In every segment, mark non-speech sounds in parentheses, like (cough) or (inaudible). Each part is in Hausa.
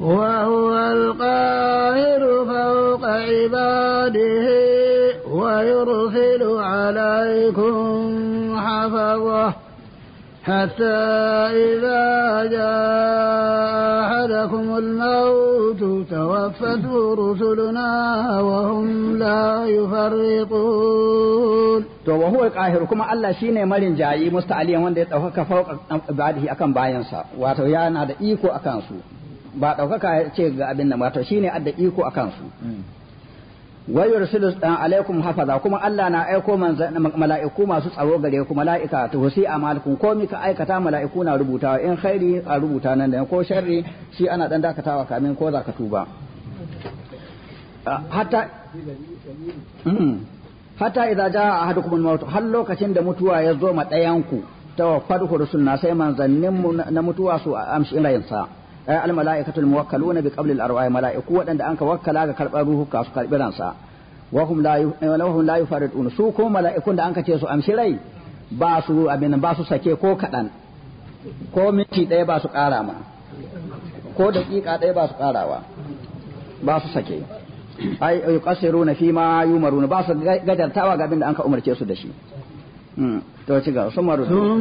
وهو القاهر فوق عباده ويرسل عليكم حفظه حتى إذا جاء أحدكم الموت توفته رسلنا وهم لا يفرقون to wa huwa qahir kuma Allah shine marin jayi musta'aliyan wanda ya dauka fauka ibadihi akan bayansa wato yana da iko akan su ba daukaka ya ce ga abin nan wato shine adda iko akan su wa yursilu eh, alaikum hafaza kuma Allah na aiko mala'iku masu tsaro gare ku mala'ika to husi amalkum ko mika aikata mala'iku na rubutawa in khairi a rubuta nan da ko sharri shi ana dan dakatawa kamin ko zaka tuba ah, hatta hmm. hatta idza jaa ahadukum al-maut hal lokacin da mutuwa ya zo ma dayan ku tawaffatu rusulna sai manzannin mu na mutuwa su amshi rayinsa ay eh, al-mala'ikatu al-muwakkaluna bi qabli al-arwa'i mala'iku wadanda anka wakkala ga karbar ka su karbi ransa wa hum la eh, wa hum la yufaridun su ko mala'ikun da anka ce su amshi rai ba su abin ba su sake ko kadan ko minti daya ba su kara ma ko daƙiƙa daya ba su ƙarawa ba su sake ai yuqasiruna fi ma yumaruna ba su gajartawa ga abin da an ka umarce su da shi hmm. to ci ga sun maru sun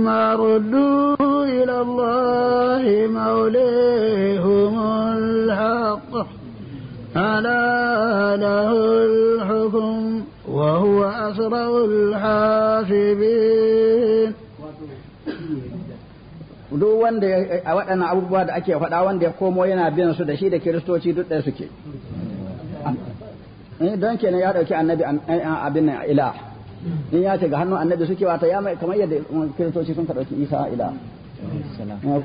marudu ila Allah maulihum alhaq ala lahul hukm wa huwa asrarul hasibin duk wanda a waɗannan abubuwa da ake faɗa wanda ya komo yana biyan su da shi da kiristoci duk ɗaya suke Eh, don kenan ya dauki annabi eh, eh, abin nan ila in ya ce ga hannun annabi suke wata ya mai kamar yadda kiristoci sun ka dauki isa ila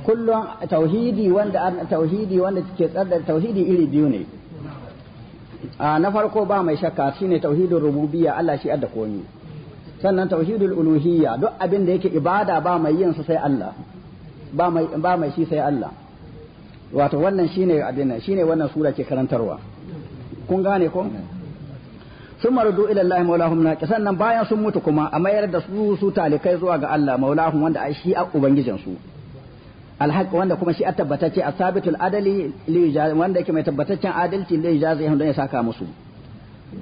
kullum tauhidi wanda tauhidi wanda ke tsada tauhidi iri biyu ne na farko ba mai shakka shine tauhidin rububiyya Allah shi adda komi sannan tauhidul uluhiyya duk abin da yake ibada ba mai yin sa sai Allah ba mai ba mai shi sai Allah wato wannan shine abin nan shine wannan sura ke karantarwa kun gane ko sun maradu ila Allah maulahum sannan bayan sun mutu kuma a mayar da su su talikai zuwa ga Allah maulahum wanda shi a ubangijin su alhaq wanda kuma shi a tabbatacce adali li wanda yake mai tabbataccen adalci li jazi don ya saka musu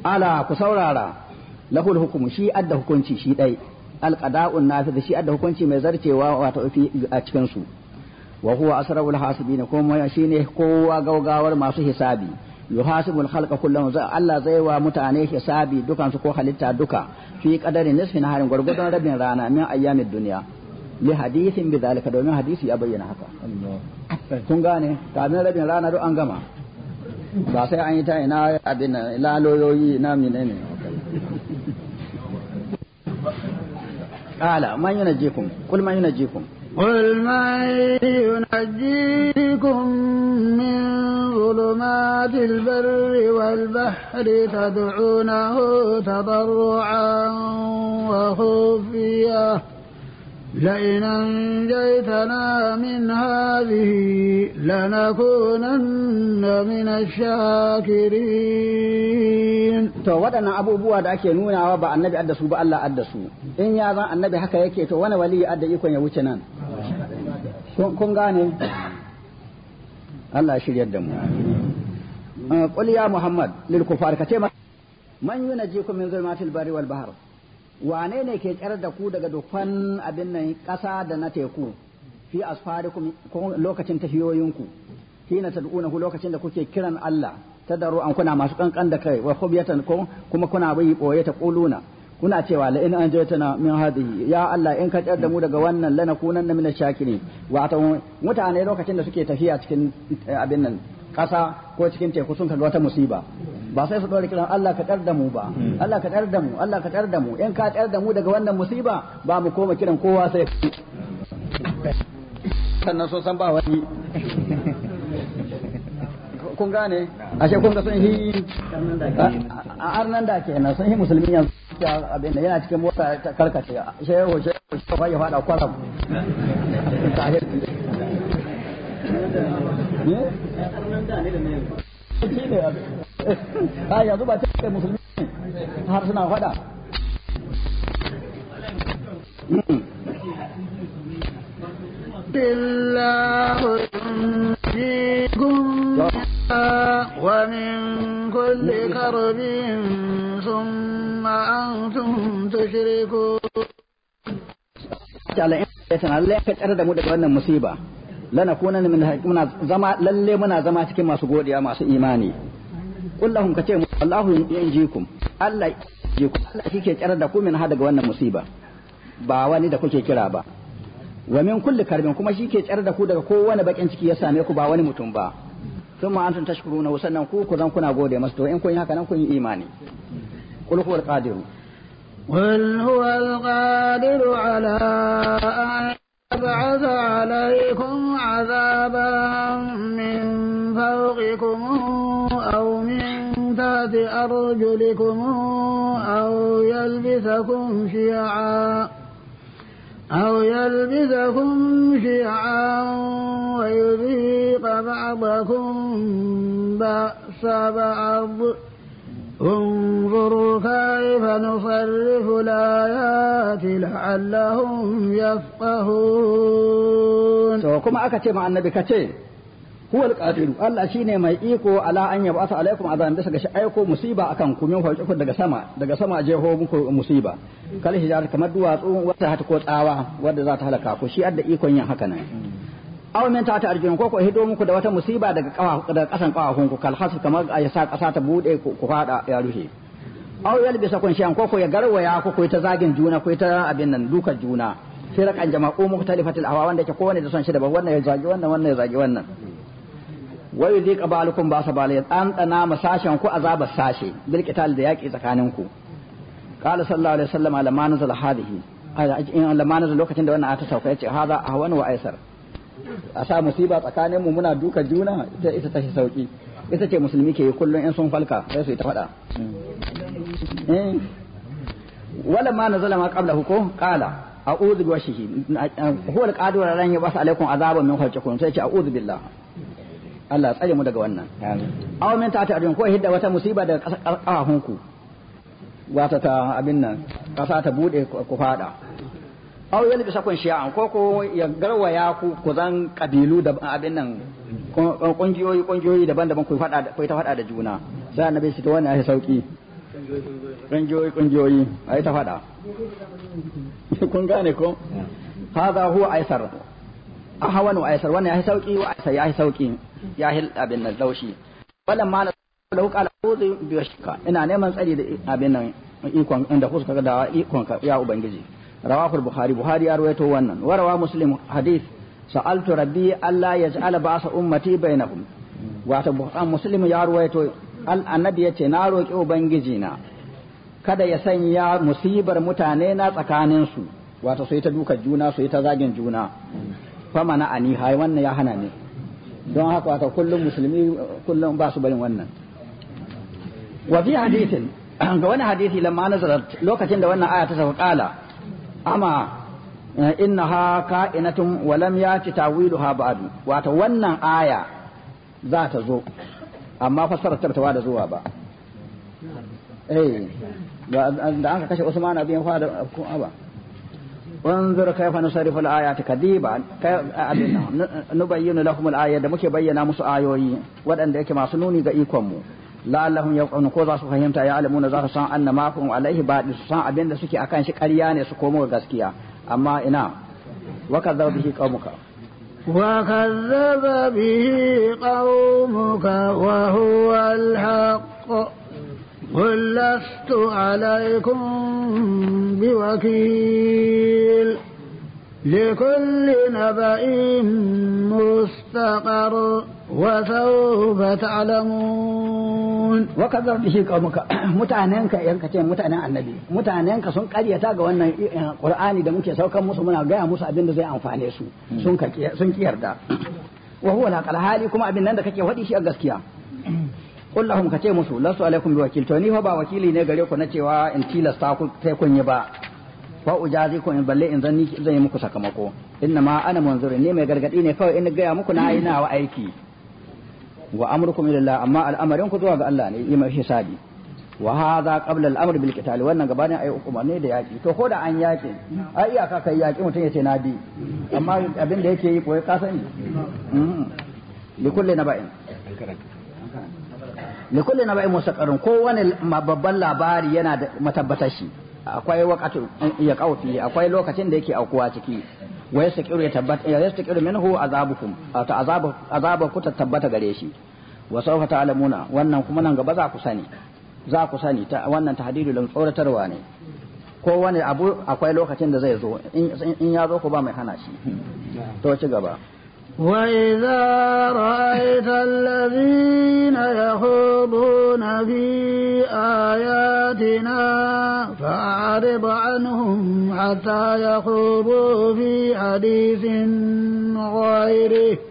ala ku saurara lahul hukumu shi adda hukunci shi dai alqada'un shi adda hukunci mai zarcewa wato a cikin su wa huwa asrarul kuma shine kowa gaugawar masu hisabi يحاسب الخلق كلهم الله زي ومتعني حسابي دكا سكو خليتا دكا في قدر نصف نهار غرغدون رب رانا من ايام الدنيا لحديث بذلك دومين حديث يبين هكا كون غاني كان رب رانا دو انغما با سي اني تا انا ادنا لا لو يوي نامي نيني قال من ينجيكم قل من ينجيكم قل من ينجيكم من ظلمات البر والبحر تدعونه تضرعا وخفيه لئن أنجيتنا من هذه لنكونن من الشاكرين to waɗannan abubuwa da ake nunawa ba annabi addasu ba Allah addasu in ya zan annabi haka yake to wani wali adda ikon ya wuce nan kun gane Allah shiryar da mu eh, qul ya muhammad lil kufar kace man yunajikum min zulmatil bari wal bahar. wane ne ke kyar da ku daga dukkan abin nan ƙasa da na teku fi asfari lokacin tafiyoyinku hina tad'unahu lokacin da kuke kiran Allah ta tadarru an kuna masu kankan da kai wa ko kuma kuna bai boye ta quluna kuna cewa la in anjaytana min hadhihi ya Allah in ka kyar da mu daga wannan lana kunanna min shakirin wato mutane lokacin da suke tafiya cikin eh, abin nan ƙasa ko cikin teku sun kaga wata musiba ba sai su ɗora kiran Allah ka ƙar da mu ba hmm. Allah ka ƙar da mu Allah ka ƙar da mu in ka ƙar da mu daga wannan musiba ba mu koma kiran kowa sai sannan so san ba wani kun gane ashe kun ga sun yi a arnan da ke nan sun yi musulmi yanzu abin da yana cikin mota ta karkace shehu shehu shehu ya fada kwaram hmm? ne a (laughs) yanzu ba ce musulmi har suna fada بالله ينجيكم da mu daga wannan musiba, lana zama lallai muna zama cikin masu godiya masu imani. kullahum kace wallahu yanjikum Allah ku Allah shi ke kirar da ku min ha daga wannan musiba ba wani da kuke kira ba wa min kulli karbin kuma shi ke kirar da ku daga kowane bakin ciki ya same ku ba wani mutum ba sun ma antum tashkuruna sannan ku ku zan kuna gode masu to in kun yi haka nan kun yi imani qul huwal qadir قل huwal qadir ala an يبعث alaykum 'adaban min فوقكم أو من تحت أرجلكم أو يلبسكم شيعا أو يلبسكم شيعا ويذيق بعضكم بأس بعض انظروا كيف نصرف الآيات لعلهم يفقهون. وكما أكتم عن النبي كتير huwa alqadiru Allah shine mai iko ala an yab'atha alaikum azaban bisa ga shi aiko musiba akan ku min fauki daga sama daga sama je ho muku musiba kal hijar kamar duwatsu wata hata ko tsawa wanda za ta halaka ku shi adda ikon yin haka nan aw min ta arjun ko ko hido muku da wata musiba daga kawa daga kasan kawa ku kal hasu kamar ya sa kasa ta bude ku fada ya rushe aw yalbisa kun an ko ko ya garwaya ku ko ta zagin juna ko ta abin nan dukar juna sai rakan jama'u muktalifatil Awa wanda yake kowanne da son shi da wannan ya zagi wannan wannan ya zagi wannan wa yudiqa ba'alukum ba'sa ba'al an tsana masashen ku azabar sashe bil qital da yaki tsakanin ku qala sallallahu alaihi wasallam lamma nazala hadhihi in lamma nazala lokacin da wannan ata sauka yace hadha ahwan wa aisar a sa musiba tsakanin mu muna duka juna ita ita tashi sauki ita ce musulmi ke kullun in sun falka sai su ta fada hmm. eh. wala ma nazala ma qablahu ko qala a'udhu bi washihi huwa al-qadir an yab'ath alaykum azaban min khalqikum sai ce a'udhu billah Allah tsare mu daga wannan awa min ta ta'arun ko hidda wata musiba daga kafafun wata ta abin nan kasa ta bude ku fada aw yali bi sakon shi'a ko ko ya garwaya ku ku zan kabilu da abin nan kungiyoyi kungiyoyi daban-daban ku fada ku ta fada da juna sai annabi shi to wannan ya sauki kungiyoyi kungiyoyi ai ta fada (laughs) kun gane ko hadha huwa aisar ahwanu aisar wannan ya sauki wa aisar ya sauki ya hil abin nan laushi walamma na lahu qala a'udhu biyashka ina neman tsari da abin nan ikon inda huska da ikon ka ya ubangiji rawahu al-bukhari buhari ya rawaito wannan wa rawahu muslim hadith sa'altu rabbi alla yaj'al ba'sa ummati bainahum wato bukhari muslim ya rawaito annabi yace na roki ubangiji na kada ya sanya musibar mutane na tsakanin su wato sai ta duka juna sai ta zagin juna fa mana ani hai wannan ya hana ne don haka wata kullum musulmi kullum ba su barin wannan wa fi hadithin ga wani hadithi lamma nazarat lokacin da wannan aya ta saka kala amma innaha ka'inatun wa lam yati tawiluha ba'du wato wannan aya za ta zo amma fassara ta bata da zuwa ba eh da an ka kashe Usman bin Affan ba انظر كيف نصرف الآيات كذيبا نبين لهم الآية da muke bayyana musu ayoyi waɗanda yake masu nuni ga ikonmu la'allahum yaqun ko za su fahimta ya alamuna za su san anna ma kun alaihi ba su san abinda suke akan shi ƙarya ne su komo gaskiya amma ina wa kadzaba bihi qaumuka wa kadzaba bihi qaumuka wa huwa al-haqq قل لست عليكم بوكيل لكل نبأ مستقر وسوف تعلمون وكذا به قومك متعننك ينك تين متعن النبي متعننك سن قرية تاقوا أن القرآن دا ممكن سوكا موسى منا وقايا موسى أبن زي أنفاني سو سن كيردا وهو لا قال هالي كما أبن نندك ودي شيء أقس qul lahum kace musu lasu alaikum biwakil to ni fa ba wakili ne gare ku na cewa in tilasta ku sai kun yi ba fa ujazi ku in balle in zanni zan yi muku sakamako inna ma ana munzuri ne mai gargadi ne kawai in gaya muku na yi nawa aiki wa amrukum ila amma al'amarin ku zuwa ga Allah ne yi mai hisabi wa hadha qabla al-amr bil qital wannan gabanin ayi ne da yaki to ko da an yaki ai iyaka kai yaki mutum ya na bi amma abin da yake yi koyi ka sani hmm. likulli naba'in li kulli naba'in mustaqarrun kowane babban labari yana da matabbatar shi akwai wakatu ya qawfi akwai lokacin da yake aukuwa ciki wa yastaqiru ya tabbata ya yastaqiru minhu azabukum ta azabu ku ta tabbata gare shi wa sawfa ta'lamuna wannan kuma nan gaba za ku sani za ku sani ta wannan tahdidu lam tsoratarwa ne kowane abu akwai lokacin da zai zo in ya zo ku ba mai hana shi to ci gaba وإذا رأيت الذين يخوضون في آياتنا فأعرض عنهم حتى يخوضوا في حديث غيره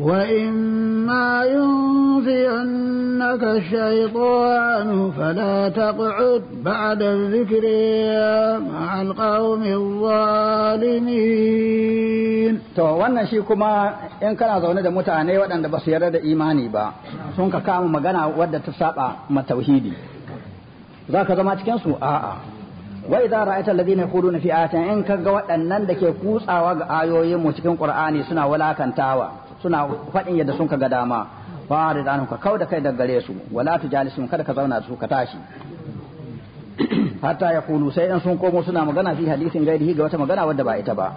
وإما ينفينك الشيطان فلا تقعد بعد الذكر مع القوم الظالمين to wannan shi kuma in kana zaune da mutane waɗanda ba su yarda da imani ba sun ka kama magana wadda ta saba ma tauhidi za ka zama cikin su a'a wa idza ra'aita alladhina yaquluna fi ayatin in kaga waɗannan da ke kutsawa ga ayoyin mu cikin qur'ani suna walakantawa suna faɗin yadda sun ga dama ba da anhum ka da kai daga gare su wala tujalisun kada ka zauna da su ka tashi (clears throat) hatta ya kulu sai in sun komo suna magana fi hadisin gairihi ga wata magana wadda ba ita ba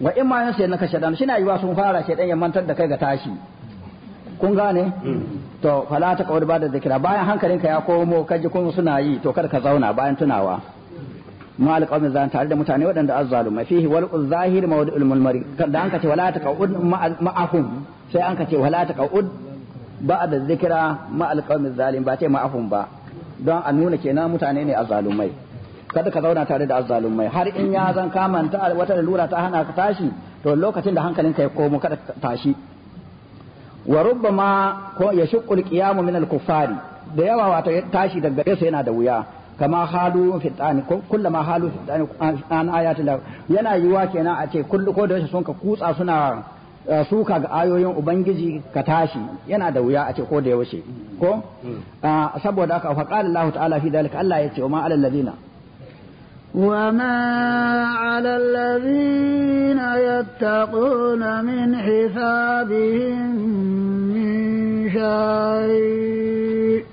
wa in ma na naka sha shi na yiwa sun fara shedan ya mantar da kai ga tashi kun gane mm. to fala ta kawar ba da zikira bayan hankalinka ya komo kaji kun suna yi to kada ka zauna bayan tunawa ma alqawmi zan tare da mutane waɗanda azzalumai fihi wal zahir mawdu'ul mulmari da an wala taqud ma'ahum sai an wala taqud ba'da zikra ma alqawmi zalim ba ce ma'ahum ba don a nuna kenan mutane ne azzalumai kada ka zauna tare da azzalumai har in ya zan kamanta wata lura ta hana ka tashi to lokacin da hankalinka ya komo kada tashi wa rubbama ya shuqqul qiyamu min da yawa wato tashi daga gare yana da wuya kama halu fi tsani kullama halu fi tsani an ayatul la yana yiwa kenan a ce kullu ko da yaushe sun ka kutsa suna eh, suka ga ayoyin ubangiji ka tashi yana da wuya a ce ko da yaushe ko mm. ah, saboda haka fa qala Allah ta'ala fi dalika Allah yace wa ma alal ladina وما على الذين يتقون من حسابهم من شيء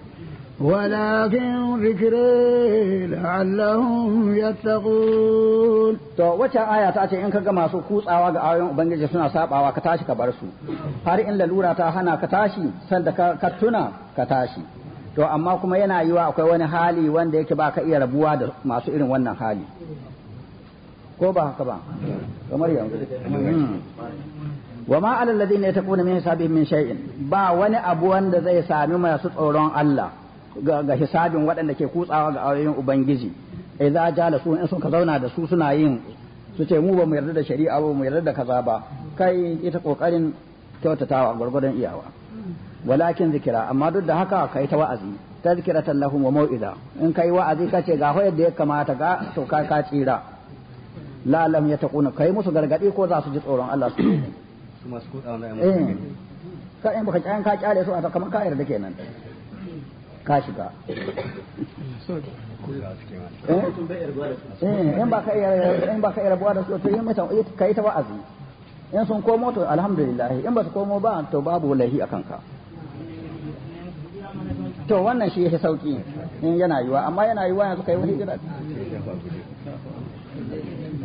ولكن ذكري لعلهم يتقون to wacce aya ta ce in kaga masu kutsawa ga ayoyin ubangiji suna sabawa ka tashi ka bar su har in lalura ta hana ka tashi sanda ka, ka tuna ka tashi to amma kuma yana yiwa akwai wani hali wanda yake ba ka iya rabuwa da masu irin wannan hali ko ba haka ba kamar yanzu hmm. wa ma alal ladina yataquna min hisabihim min shay'in ba wani abu wanda zai sami masu tsoron Allah ga hisabin waɗanda ke kutsawa ga ayoyin ubangiji eh, da su in sun ka zauna da su suna yin su ce mu ba mu yarda da shari'a ba mu yarda da kaza ba kai ita kokarin kyautatawa gwargwadon iyawa walakin zikira amma duk da haka kai ta wa'azi tazkiratan lahum wa mau'iza in kai wa'azi ka ce ga hoyar da ya kamata ga to ka ka tsira la lam yataquna kai musu gargadi ko za su ji tsoron Allah su su masu kudawa na eh. ka in baka ka kyale su a kamar ka yarda kenan ka shiga eh, eh, in ba ka in ba ka iya rabuwa da su to yin mata kai ta wa'azi in sun komo to alhamdulillah in ba su komo ba to babu lahi akan ka to wannan shi yake sauki in yana yiwa amma yana yiwa yanzu kai wani gida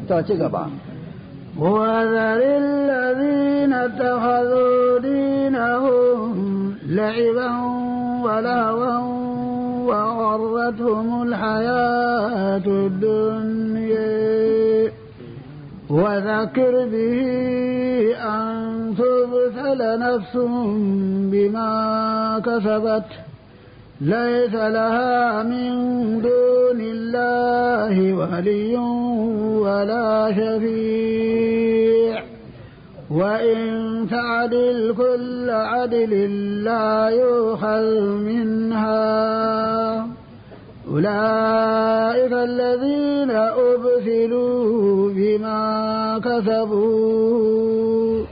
to ci gaba وذر الذين اتخذوا دينهم لعبا ولهوا وغرتهم الحياة الدنيا وذكر به أن تبثل نفس بما كسبت ليس لها من دون الله ولي ولا شفيع وإن تعدل كل عدل لا يؤخذ منها أولئك الذين أبسلوا بما كسبوا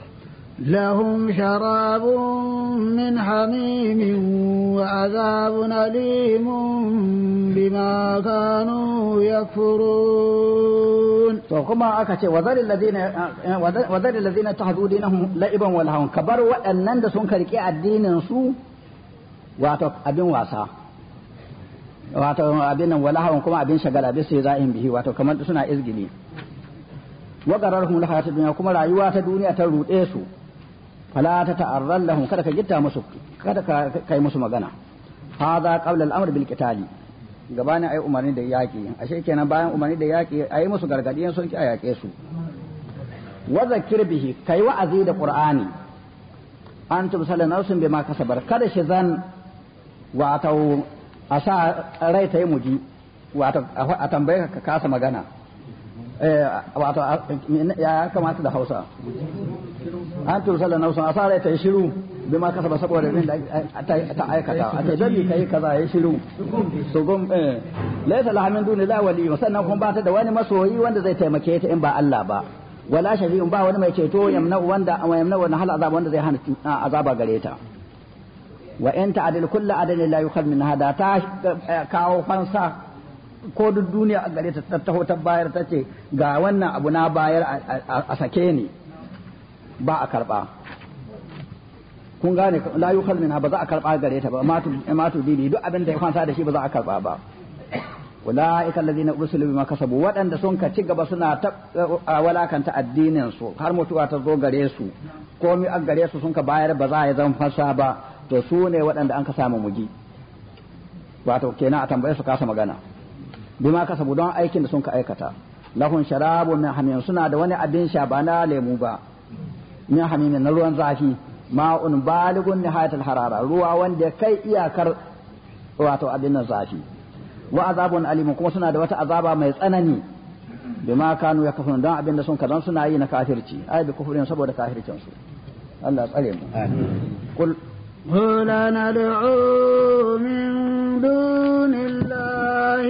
لهم شراب من حميم وعذاب أليم بما كانوا يكفرون وكما أكتي وذل الذين وذل الذين اتخذوا دينهم لعبا ولهوا كبروا وأنن دسون كركي الدين سو واتو أبين واسا wato abin nan walahawan kuma abin shagala bisa ya za'in bihi wato kamar suna izgili wa qararhum lahayatid dunya kuma rayuwa ta duniya ta rude su fala ta ta'arran lahum kada ka gitta musu kada ka kai musu magana hadha qabla al-amr bil qitali gabanin ai umarni da yaki ashe kenan bayan umarni da yaki ai musu gargadi sun ki a su wa zakir bihi kai wa'azi da qur'ani an tumsala nafsun bima kasabar kada shi zan wato a sa rai ta yi muji wato a tambaye ka kasa magana Eh, wato ya kamata da hausa an tursala nausun a sare ta yi shiru bi ma kasa ba saboda zai ta aikata a ta jami ka yi kaza ya shiru su gum eh, laisa lahamin duni la wali sannan kuma ba ta da wani masoyi wanda zai taimake ta in ba Allah ba wala shafi'un ba wani mai ceto yamna wanda yamna wani hal azaba wanda zai hana azaba gare ta wa in ta'dil kullu adalin la yukhad min hada ta eh, kawo fansa ko duk duniya a gare ta ta taho ta bayar ta ce ga wannan abu na bayar a sake ni ba a karba kun gane la yukhal minha ba za a karba gare ta ba matu matu bibi duk abin da ya kwanta da shi ba za a karba ba ulaika alladhina ursilu bima kasabu waɗanda sun ka ci gaba suna ta walakanta addinin su har mutuwa ta zo gare su komai a gare su sun ka bayar ba za a yi zan fasa ba to su ne waɗanda an ka samu muji wato kenan a tambaye su kasa magana bima sabu don aikin da sun ka aikata lahun sharabu min hamim suna da wani abin sha ba na lemu ba min hamimin na ruwan zafi ma'un baligun nihayatul harara ruwa wanda ya kai iyakar wato abin nan zafi wa azabun alimun kuma suna da wata azaba mai tsanani bima kanu ya kafin don abin da sun kazan suna yi na kafirci ai bi kufurin saboda kafircin su Allah tsare mu amin قل ندعو من دون الله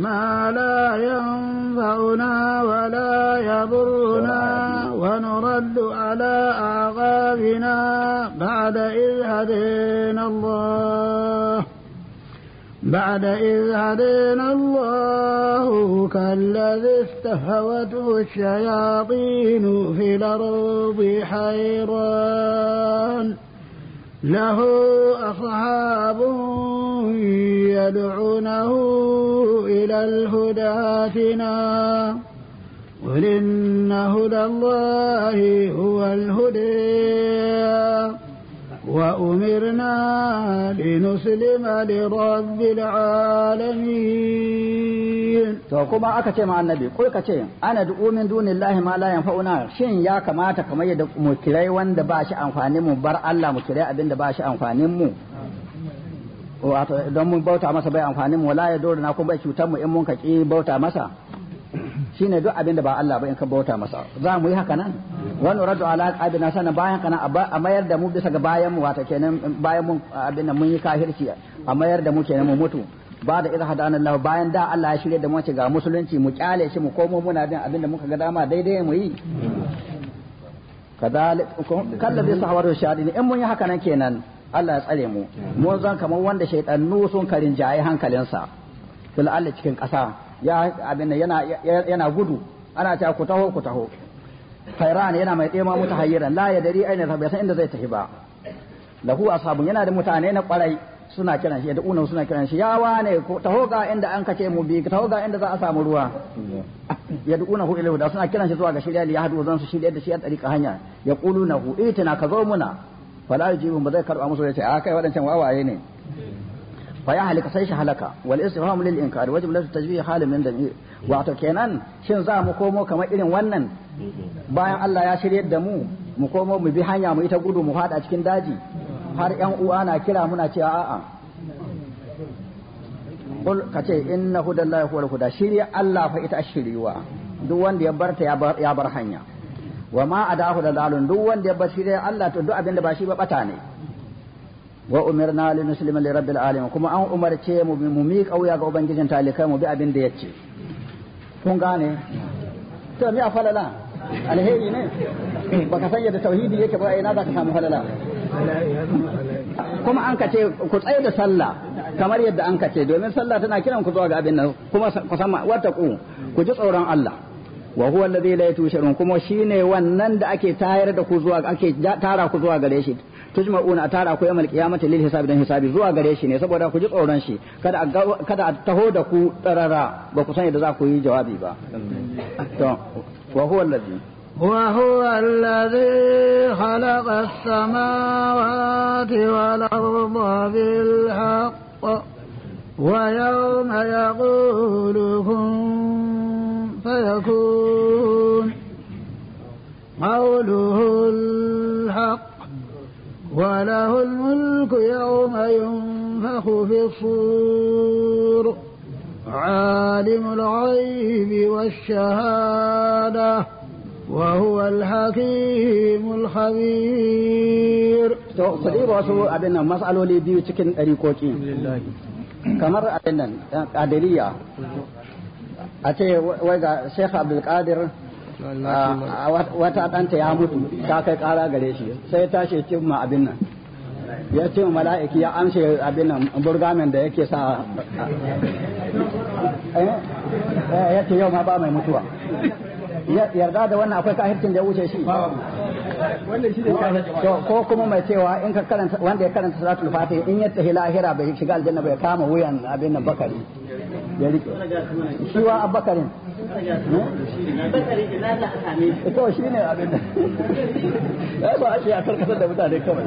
ما لا ينفعنا ولا يضرنا ونرد على أعقابنا بعد إذ هدينا الله بعد إذ هدينا الله كالذي استهوته الشياطين في الأرض حيران له أصحاب يدعونه إلى الهدى فينا قل إن هدى الله هو الهدي Wa وأمرنا لنسلم لرب العالمين to kuma aka ce ma annabi kul ka ce ana du'u min dunillahi ma la yanfa'una shin ya kamata kamar yadda mu kirai wanda ba shi bar Allah mu kirai abin da wato don mun bauta masa bai amfanin mu la ya dora na kuma ya cutar mu in mun ka ki bauta masa ne duk abin da ba Allah ba in ka bauta masa za mu yi haka nan Wani nuradu ala aqabina sana bayan kana a mayar da mu bisa ga bayan mu wata kenan bayan mun abin da mun yi kafirci a mayar da mu kenan mu mutu ba da idh hadana Allah bayan da Allah ya shirye da mu ce ga musulunci mu kyale shi mu komo muna bin abin da muka ga dama daidai mu yi kadalik kallabi sahawar shadin in mun yi haka nan kenan Allah ya tsare mu mun zan kamar wanda shaytanu sun karin jaye hankalinsa fil cikin ƙasa ya abin yana yana gudu ana cewa ku taho ku taho fairan yana mai tsema mutu hayyiran la yadari aina bai san inda zai tafi ba lahu ashabun yana da mutane na kwarai suna kiran shi da unan suna kiran shi ya wane ko taho ga inda an kace mu bi taho ga inda za a samu ruwa ya duuna hu ilahu da suna kiran shi zuwa ga shirya ya hadu zan su shirya da shi a tsarika hanya ya qulu nahu itina ka zo muna fala yujibu ba zai karba musu ce a kai wadancan wawaye ne fa ya halika sai shi halaka wal istifham lil inkar wajib la tajbih halin min damir wato kenan shin za mu komo kamar irin wannan bayan Allah ya shiryar da mu mu komo mu bi hanya mu ita gudu mu fada cikin daji har yan uwa na kira muna cewa a'a kul kace inna hudallahi huwal huda shirya Allah fa ita shiriwa duk wanda ya barta ya bar hanya wa ma adahu da dalun duk wanda ya bar shirya Allah to duk abin ba shi ba bata ne wa umirna li muslima li rabbil alamin kuma an umarce mu mu mi kauya ga ubangijin talikai mu bi abin da yace kun gane to mi afalala alheri ne baka san yadda tauhidi yake ba ina za ka samu falala kuma an kace ku tsaye da sallah kamar yadda an kace domin sallah tana kiran ku zuwa ga abin nan kuma ku san wattaqu ku ji tsoron Allah wa huwa alladhi la yatushirun kuma shine wannan da ake tayar da ku zuwa ake tara ku zuwa gare shi tujma'una a tara ku yamal qiyamati lil hisabi dan hisabi zuwa gare shi ne saboda ku ji tsoron shi kada kada a taho da ku tsarara ba ku san yadda za ku yi jawabi ba to wa huwa allazi وهو الذي خلق السماوات والأرض بالحق ويوم يقول كن فيكون قوله الحق وله الملك يوم ينفخ في الصور عالم العيب والشهادة وهو الحكيم الخبير تقريبا سوى أدنى مسألة لديو تكين أريكوكي كمر أدنى أدلية أتي ويقى شيخ عبد القادر Ah, wata ɗanta ya mutu ta kai ƙara gare shi sai ta ce ce ma abin nan ya ce ma mala'iki ya amshe abin nan burgamen da yake sa eh? Eh, ya ce yau ma ba mai mutuwa yarda da wannan akwai kahircin da ya wuce shi ko kuma mai cewa in ka karanta wanda ya karanta salatul fatih in ya tahi lahira bai shiga aljanna bai kama wuyan abin nan bakari ya rike shi wa abbakarin to shi ne abin da ya ba shi a karkasar da mutane kawai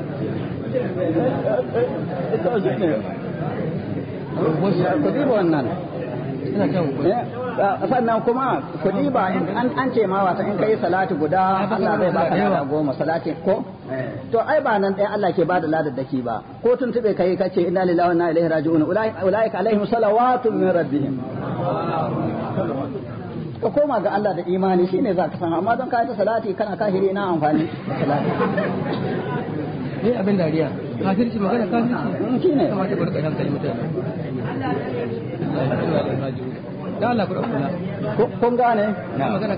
shi ne ku wannan ina Eh, sannan kuma kuɗi ba an ce ma wata in kai salati guda Allah zai baka da goma salati ko to ai ba nan ɗaya Allah ke ba da ladar daki ba ko tun tube kai kace inna lillahi wa inna ilaihi raji'un ulaika alaihim salawatu min rabbihim ka koma ga Allah da imani shine za ka san amma don ka yi salati kana kafiri na amfani salati ne abin dariya kafirci magana kafirci kamar kamata barka hankali mutane da Allah kuɗa kula kun gane magana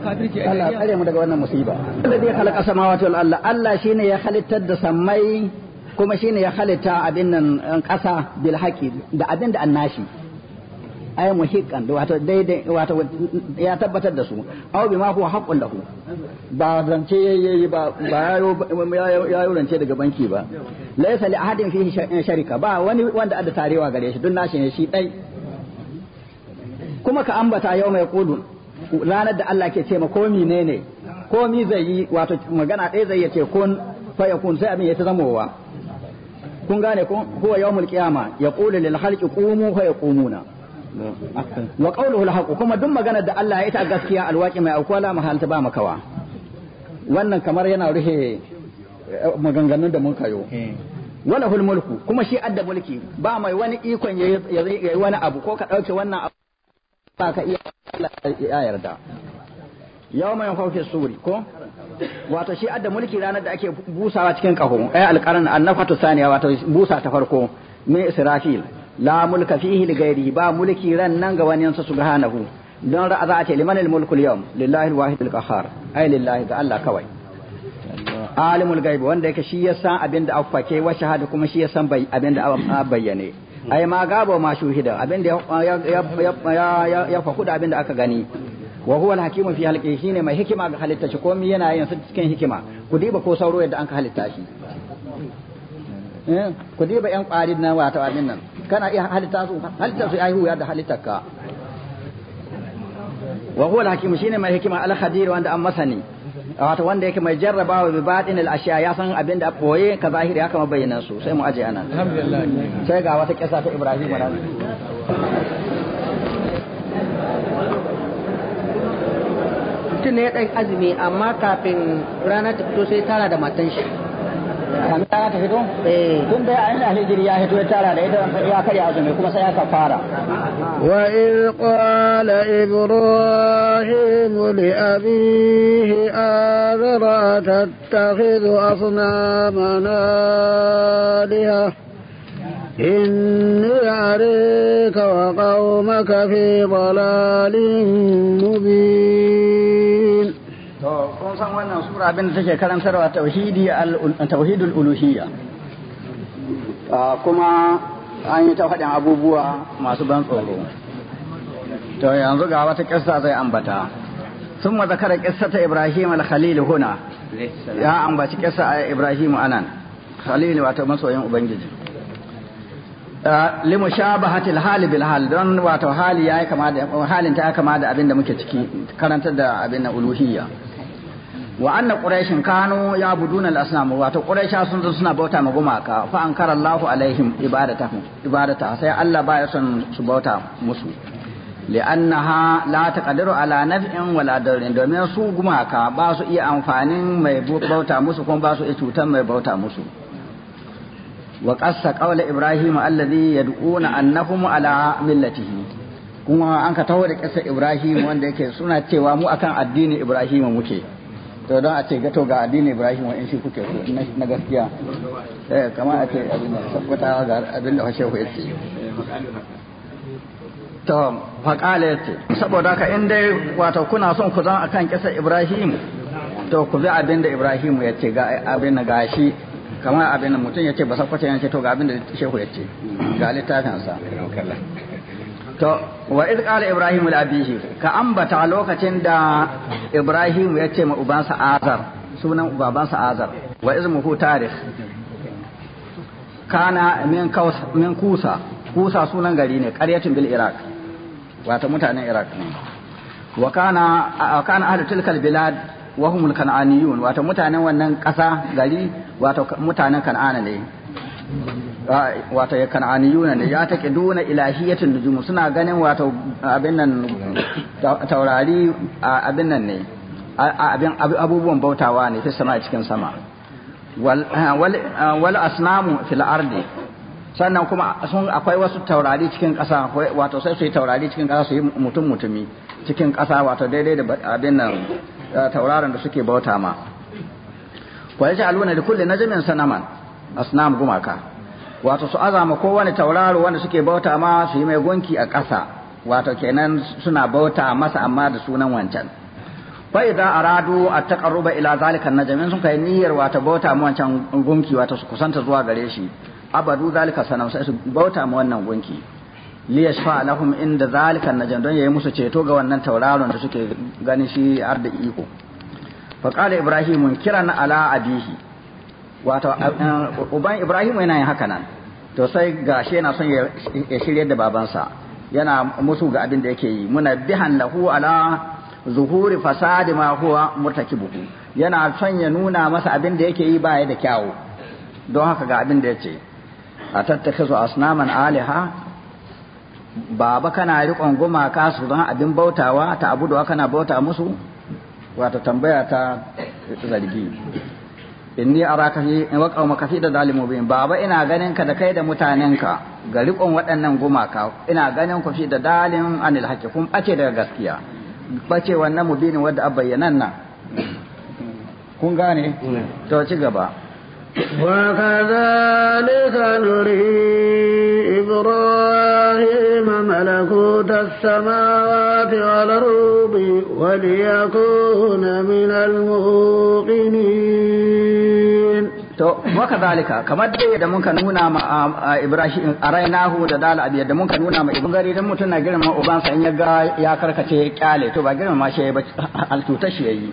Allah tsare mu daga wannan musiba Allah zai halaka samawati wal Allah Allah shine ya halittar da sammai kuma shine ya halitta abin nan ƙasa bil haqi da abin da annashi ay muhiqqan wato daidai wato ya tabbatar da su aw ma huwa haqqun lahu ba zance yayi ba ba ya yi rance daga banki ba laysa li ahadin fihi sharika ba wani wanda adda tarewa gare shi dun nashi ne shi dai kuma ka ambata yau mai kudu ranar da Allah ke ce ma komi ne ne komi zai yi wato magana ɗaya zai yace kun fa yakun sai abin ya ta zamowa kun gane kun huwa yawmul qiyama yaqulu lil khalqi qumu fa yaqumuna wa qawluhu al haqq kuma duk maganar da Allah ya ita gaskiya alwaqi mai aukuwa la ta ba makawa wannan kamar yana rufe eh, maganganun da mun kayo wala mulku kuma shi adda mulki ba mai wani ikon ya yi wani abu ko ka ɗauke wannan abu ba ka iya ya yarda yau mai hauke suri ko wato shi adda mulki ranar da ake busawa cikin kaho ai eh, alqaran annafatu saniya wato busa ta farko mai israfil la mulka fihi li ba mulki ran nan ga wani sa subhanahu don ra'a za a ce liman al-mulku al-yawm lillahi al-wahid al-qahhar ai lillahi ga Allah kawai alimul gaibi wanda yake shi ya san abin da afake wa shahada kuma shi ya san abin da bayyane ai ma gabo ma shuhida abin da ya faku da abin da aka gani wa huwa al-hakimu fi halqi shine mai hikima ga halitta shi komai yana yin cikin hikima ku diba ko sauro yadda an ka halitta shi eh, ku diba yan kwari na wata abin nan kana iya halitta su halitta su ai huwa da halitta ka wa huwa al-hakimu shine mai hikima al-khadir wanda an masani wato wanda yake mai jarrabawa bi batin al ashiya ya san abin da a ka zahiri ya kama bayyana su sai mu aje anan sai ga wata kisa ta ibrahim nan mutum ne ya ɗan azumi amma kafin rana ta fito sai tara da matan shi kamin rana ta fito eh. tun da an ahli jiri ya fito ya tara da ita ya karya azumi kuma sai ya fara. wa in qala ibrahim li abihi azra tattakhidhu asnamana aliha إني أريك وقومك في ضلال مبين to kun san wannan sura abin da take karantarwa tauhidi tauhidul uluhiyya kuma an yi ta faɗin abubuwa masu ban tsoro to yanzu ga wata kissa zai ambata sun ثم ذكر قصة إبراهيم الخليل هنا يا أم باتي Khalil إبراهيم أنا Ubangiji. Limu مسوين أبنجي limushabahati hali bil hal don wato hali ya yayi kama da halin ta ya kama da abin da muke ciki karantar da abin na uluhiyya wa anna quraishin kanu ya'buduna al-asnam wato quraisha sun zo suna bauta ma gumaka fa ankara Allahu alaihim ibadata sai Allah baya son su bauta musu li'annaha la taqdiru ala naf'in wala darrin domin su gumaka ba su iya amfanin mai bauta musu kuma ba su iya cutar mai bauta musu wa qassa qawla ibrahim alladhi yad'una annahum ala millatihi kuma an ka tawo da kissa ibrahim wanda yake suna cewa mu akan addinin ibrahim muke to don a ce gato ga addinin ibrahim wa in shi kuke so na gaskiya eh kama a ce abin da sabbata ga abin da hashe ku yace to faqala yace saboda ka in dai wato kuna son ku zan akan kisa ibrahim to ku bi abin da ibrahim ya ce ga abin da gashi kamar abin da mutum ya ce ba sabbata ya ce to ga abin da shehu ya ce ga sa to wa iz qala ibrahim li abihi ka ambata lokacin da ibrahim ya ce ma ubansa azar sunan babansa azar wa iz muhu tarikh kana min kausa min kusa kusa sunan gari ne qaryatin bil iraq wato mutanen iraq ne wa kana kana ahli tilkal bilad wa humul kan'aniyun wato mutanen wannan kasa gari wato mutanen kan'ana ne wato ya kan'aniyuna ne ya take duna ilahiyatin nujumu suna ganin wato abin nan taurari abin nan ne abin abubuwan bautawa ne fi sama cikin sama wal asnamu fil ardi sannan kuma sun akwai wasu taurari cikin ƙasa wato sai su yi taurari cikin ƙasa su yi mutum mutumi cikin ƙasa wato daidai da abin nan eh, tauraron da suke bauta ma wa aluna da kulli najmin sanaman asnam gumaka wato su azama kowane tauraro wanda suke bauta ma su yi mai gunki a ƙasa wato kenan suna bauta masa amma da sunan wancan fa idza aradu at taqarruba ila zalika najm sun kai niyyar wato bauta ma wancan gunki wato su kusanta zuwa gare shi abadu zalika sanam sai su bauta ma wannan gunki li yashfa lahum inda zalika najm don yayi musu ceto ga wannan tauraron da suke ganin shi har da iko fa qala ibrahimun kiran ala abihi wato uban Ibrahim yana yin haka nan to sai gashi yana son ya shirye da babansa yana musu ga abin da yake yi muna bihan lahu ala zuhuri fasadi ma huwa murtakibuhu yana son ya nuna masa abin da yake yi baya da kyawu don haka ga abin da yace a tattakasu asnaman aliha baba kana riƙon gumaka su don abin bautawa ta abudu kana bauta musu wato tambaya ta zargi inni araka fi in waqa maka fi da zalimu bin baba ina ganin ka da kai da mutanen ka ga rikon waɗannan gumaka ina ganin ku fi da dalin anil haqqi kun bace daga gaskiya bace wannan mubinin wanda a bayyana nan kun gane to ci gaba Wa Ibrahim وكذلك samawati wal ملكوت السماوات والأرض min al الموقنين to waka zalika kamar dai da muka nuna ma Ibrahim arainahu da dal abiya da muka nuna ma ibn gari dan mutun na girma ubansa in ya ga ya karkace kyale to ba girma ma shi ba altuta shi yayi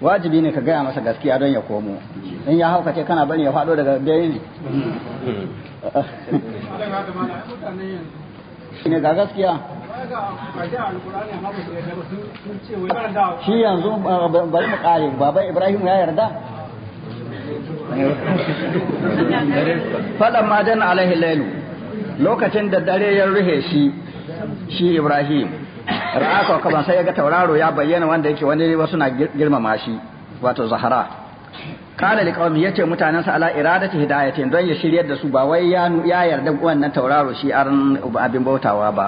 wajibi ne ka gaya masa gaskiya don ya komo in ya ce kana bari ya fado daga dai ne ne ga gaskiya shi yanzu bari mu kare baban Ibrahim ya yarda falan ma alaihi lailu lokacin da dare ya ruhe shi shi ibrahim ra'aka kaban sai ya ga tauraro ya bayyana wanda yake wani wasu na girmama shi wato zahara kala liqaumi yace mutanansa ala iradati hidayatin don ya shiryar da su ba wai ya yarda wannan tauraro shi aran abin bautawa ba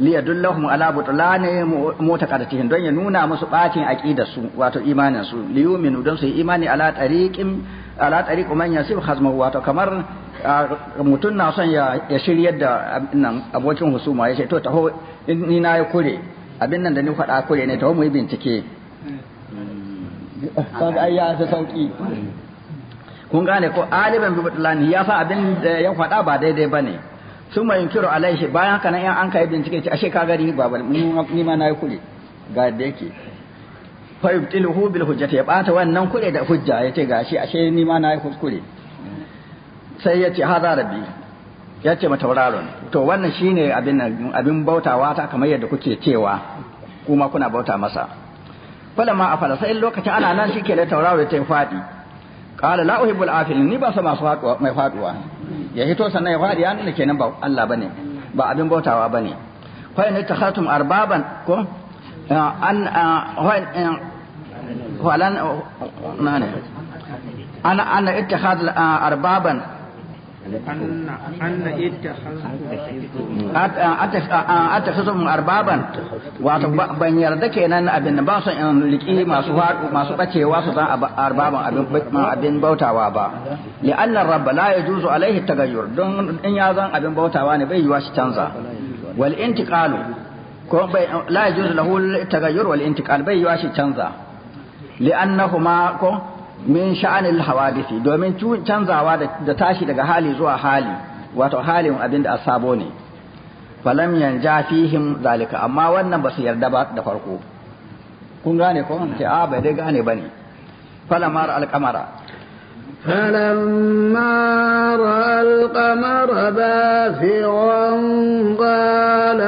liyadullahum ala butlani mutaqaddatihim don ya nuna musu bacin aqidar su wato imanin su liyuminu don su yi imani ala tariqin ala tariqu man yasib khazmu wato kamar mutun na son ya ya shiryar da nan abokin husuma ya ce to taho ni na yi kure abin nan da ni faɗa kure ne taho mu yi bincike kaga ai ta sauki kun gane ko aliban bi butlani ya fa abin da ya faɗa ba daidai bane sun kiro a alaihi bayan haka na yan an kai bincike ce ashe ka gani ba ba Nima na yi kure ga da yake fa yubtiluhu hujja ta ya bata wannan kure da hujja Ya yace gashi ashe ni ma na yi kuskure sai ya ce yace hadha Ya ce mata tauraron to wannan shine abin abin bautawa ta kamar yadda kuke cewa kuma kuna bauta masa falamma afala sai lokacin ana nan shike da tauraro ta fadi قال لا أحب العافل ني باسا ما سواك ما فاتوا يا هيتو سنة يفاد يعني اللي كينا الله بني با أبين بوتا وابني فإن اتخذتم أربابا كو آه، أن آه، فإن آه، فلن نعني أنا أنا اتخذ أربابا attakhidhum arbaban wato ban yarda kenan abin ba su in liki masu masu bacewa su zan arbaban abin bautawa ba li anna rabb la alaihi tagayyur don in ya zan abin bautawa ne bai yiwa shi canza wal intiqalu ko bai la lahu tagayyur wal intiqal bai yiwa shi canza li annahuma ko min sha'anil hawadisi domin canzawa da tashi daga hali zuwa hali wato halin abin da asabo ne falam yanja fihim zalika amma wannan ba su yarda ba da farko kun gane ko ce a ah, bai dai gane bane falamar alqamara فلما رأى القمر باسغا قال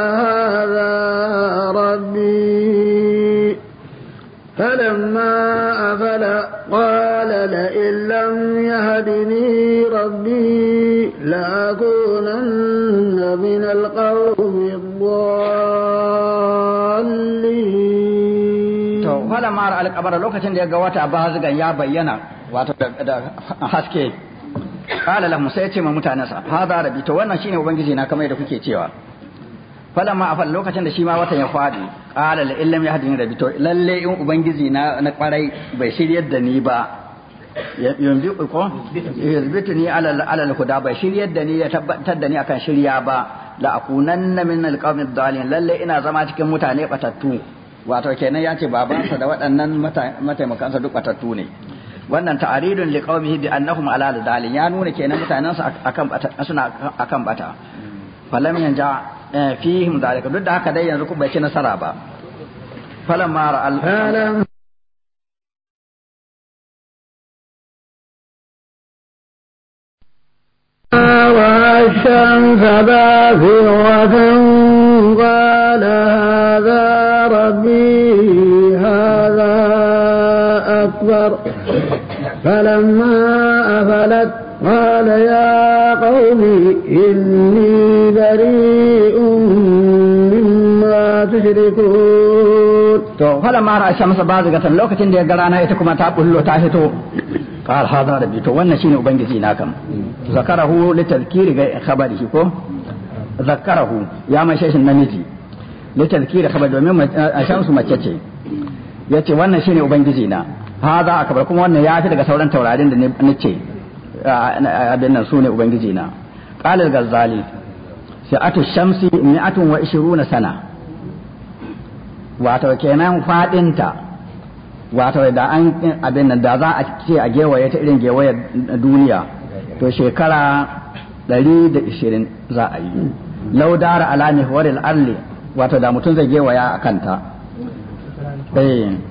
kabara lokacin da ya ga wata bazgan ya bayyana wato da haske qala lahum sai ya ce ma mutanansa hada rabbi to wannan shine ubangiji na kamar da kuke cewa falamma afal lokacin da shi ma watan ya fadi qala la illam yahdini rabbi to lalle in ubangiji na na kwarai bai shiryar da ni ba yanzu ko yuzbituni ala ala huda bai shiryar da ni ya tabbatar da ni akan shirya ba la akunanna min alqawmi dhalin lalle ina zama cikin mutane batattu wato kenan ya ce babansa da waɗannan mataimakansa duk batattu ne wannan ta'aridun liqaumihi bi annahum ala dalil ya nuna kenan su akan bata suna akan bata falam yanja eh, fihim dalika duk da haka dai yanzu kuma bai ci nasara ba falam mara al والشمس باثرة أكبر فلما أفلت قال يا قوم إني بريء مما تشركون to fala mara a shamsa ba lokacin da ya garana ita kuma ta bullo ta fito qal hada rabbi to wannan shine ubangiji na kam zakarahu li tadhkiri ga khabarihi ko zakarahu ya mai sheshin namiji li tadhkiri khabar domin a mace ce yace wannan shine ubangiji na hadha akbar kuma wannan ya fi daga sauran taurarin da nace abin nan sune ubangiji na qalil al-ghazali sa'atu shamsi mi'atun wa ishiruna sana wato kenan fadin ta wato da an abin nan da za a ce a gewaye ta irin gewayar duniya to shekara 120 za a yi law dara ala mihwaril arli wato da mutum zai gewaya a kanta eh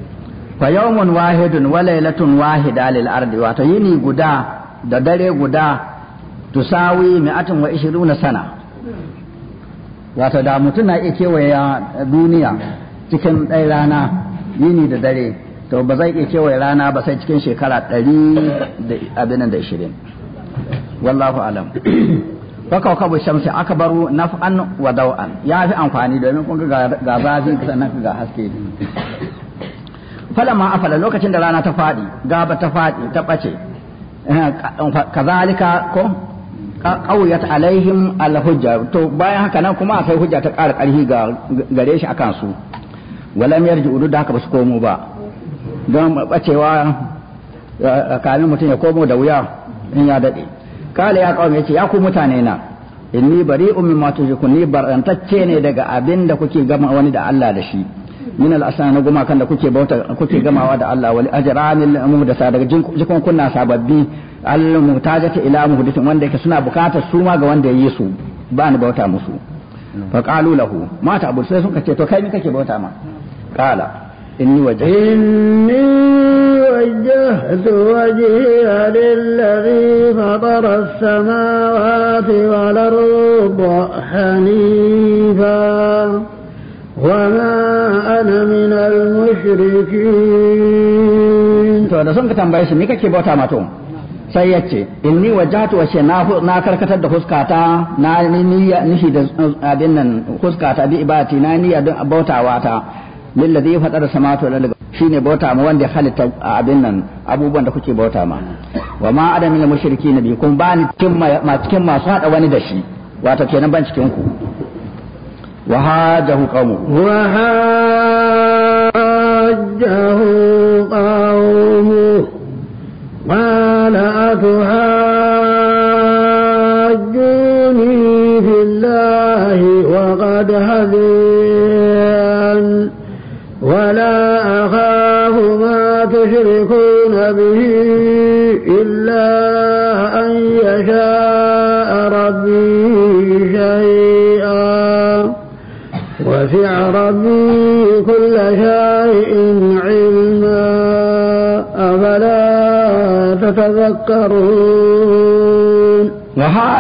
fa yawmun wahidun wa laylatun wahida lil ardi wato yini guda da dare guda tusawi mi'atun wa ishiruna sana wato da mutum na iya kewaya duniya cikin ɗaya rana yini da dare to ba zai iya kewaye rana ba sai cikin shekara ɗari da abin da ishirin wallahu alam wa kabu shamsi akbaru naf'an wa daw'an ya fi amfani domin kun ga ga zafi sannan ga haske falama afala lokacin da rana ta faɗi gaba ta faɗi ta ɓace eh, kazalika ko qawiyat alaihim alhujja to bayan haka nan kuma sai hujja ta ƙara ƙarfi ga gare shi akan su walam udu da haka ba su komo ba don bacewa eh, kamin mutum ya komo da wuya in ya daɗe kala ya kawo yace ya ku mutane na inni bari ummi ma tujikun ni barantacce ne daga abin da kuke gama wani da Allah da shi min al-asana na gumakan da kuke bauta kuke gamawa da Allah wali wal ajranil muhdasa daga jikon kunna sababbi al mutajati ila muhdasin wanda yake suna bukatar su ma ga wanda yayi su ba ni bauta musu fa qalu lahu ma ta'budu sai sun kace to kai ni kake bauta ma qala inni wajhi وجهت وجهي للذي فطر السماوات والأرض حنيفا وما أنا من المشركين تو da sun ka tambaye shi kake bauta mato sai ya ce inni wajjahtu wajhi na na karkatar da huskata na niyya nishi da abin nan huskata bi ibadati na ya don bautawa ta shine bauta ma wanda halitta abin nan abubuwan da kuke bauta ma wa ma adamin al mushrikin bi kun bani cikin ma cikin masu hada wani da shi wato kenan ban cikin ku وهاجه قومه وهاجه قومه قال أتهاجه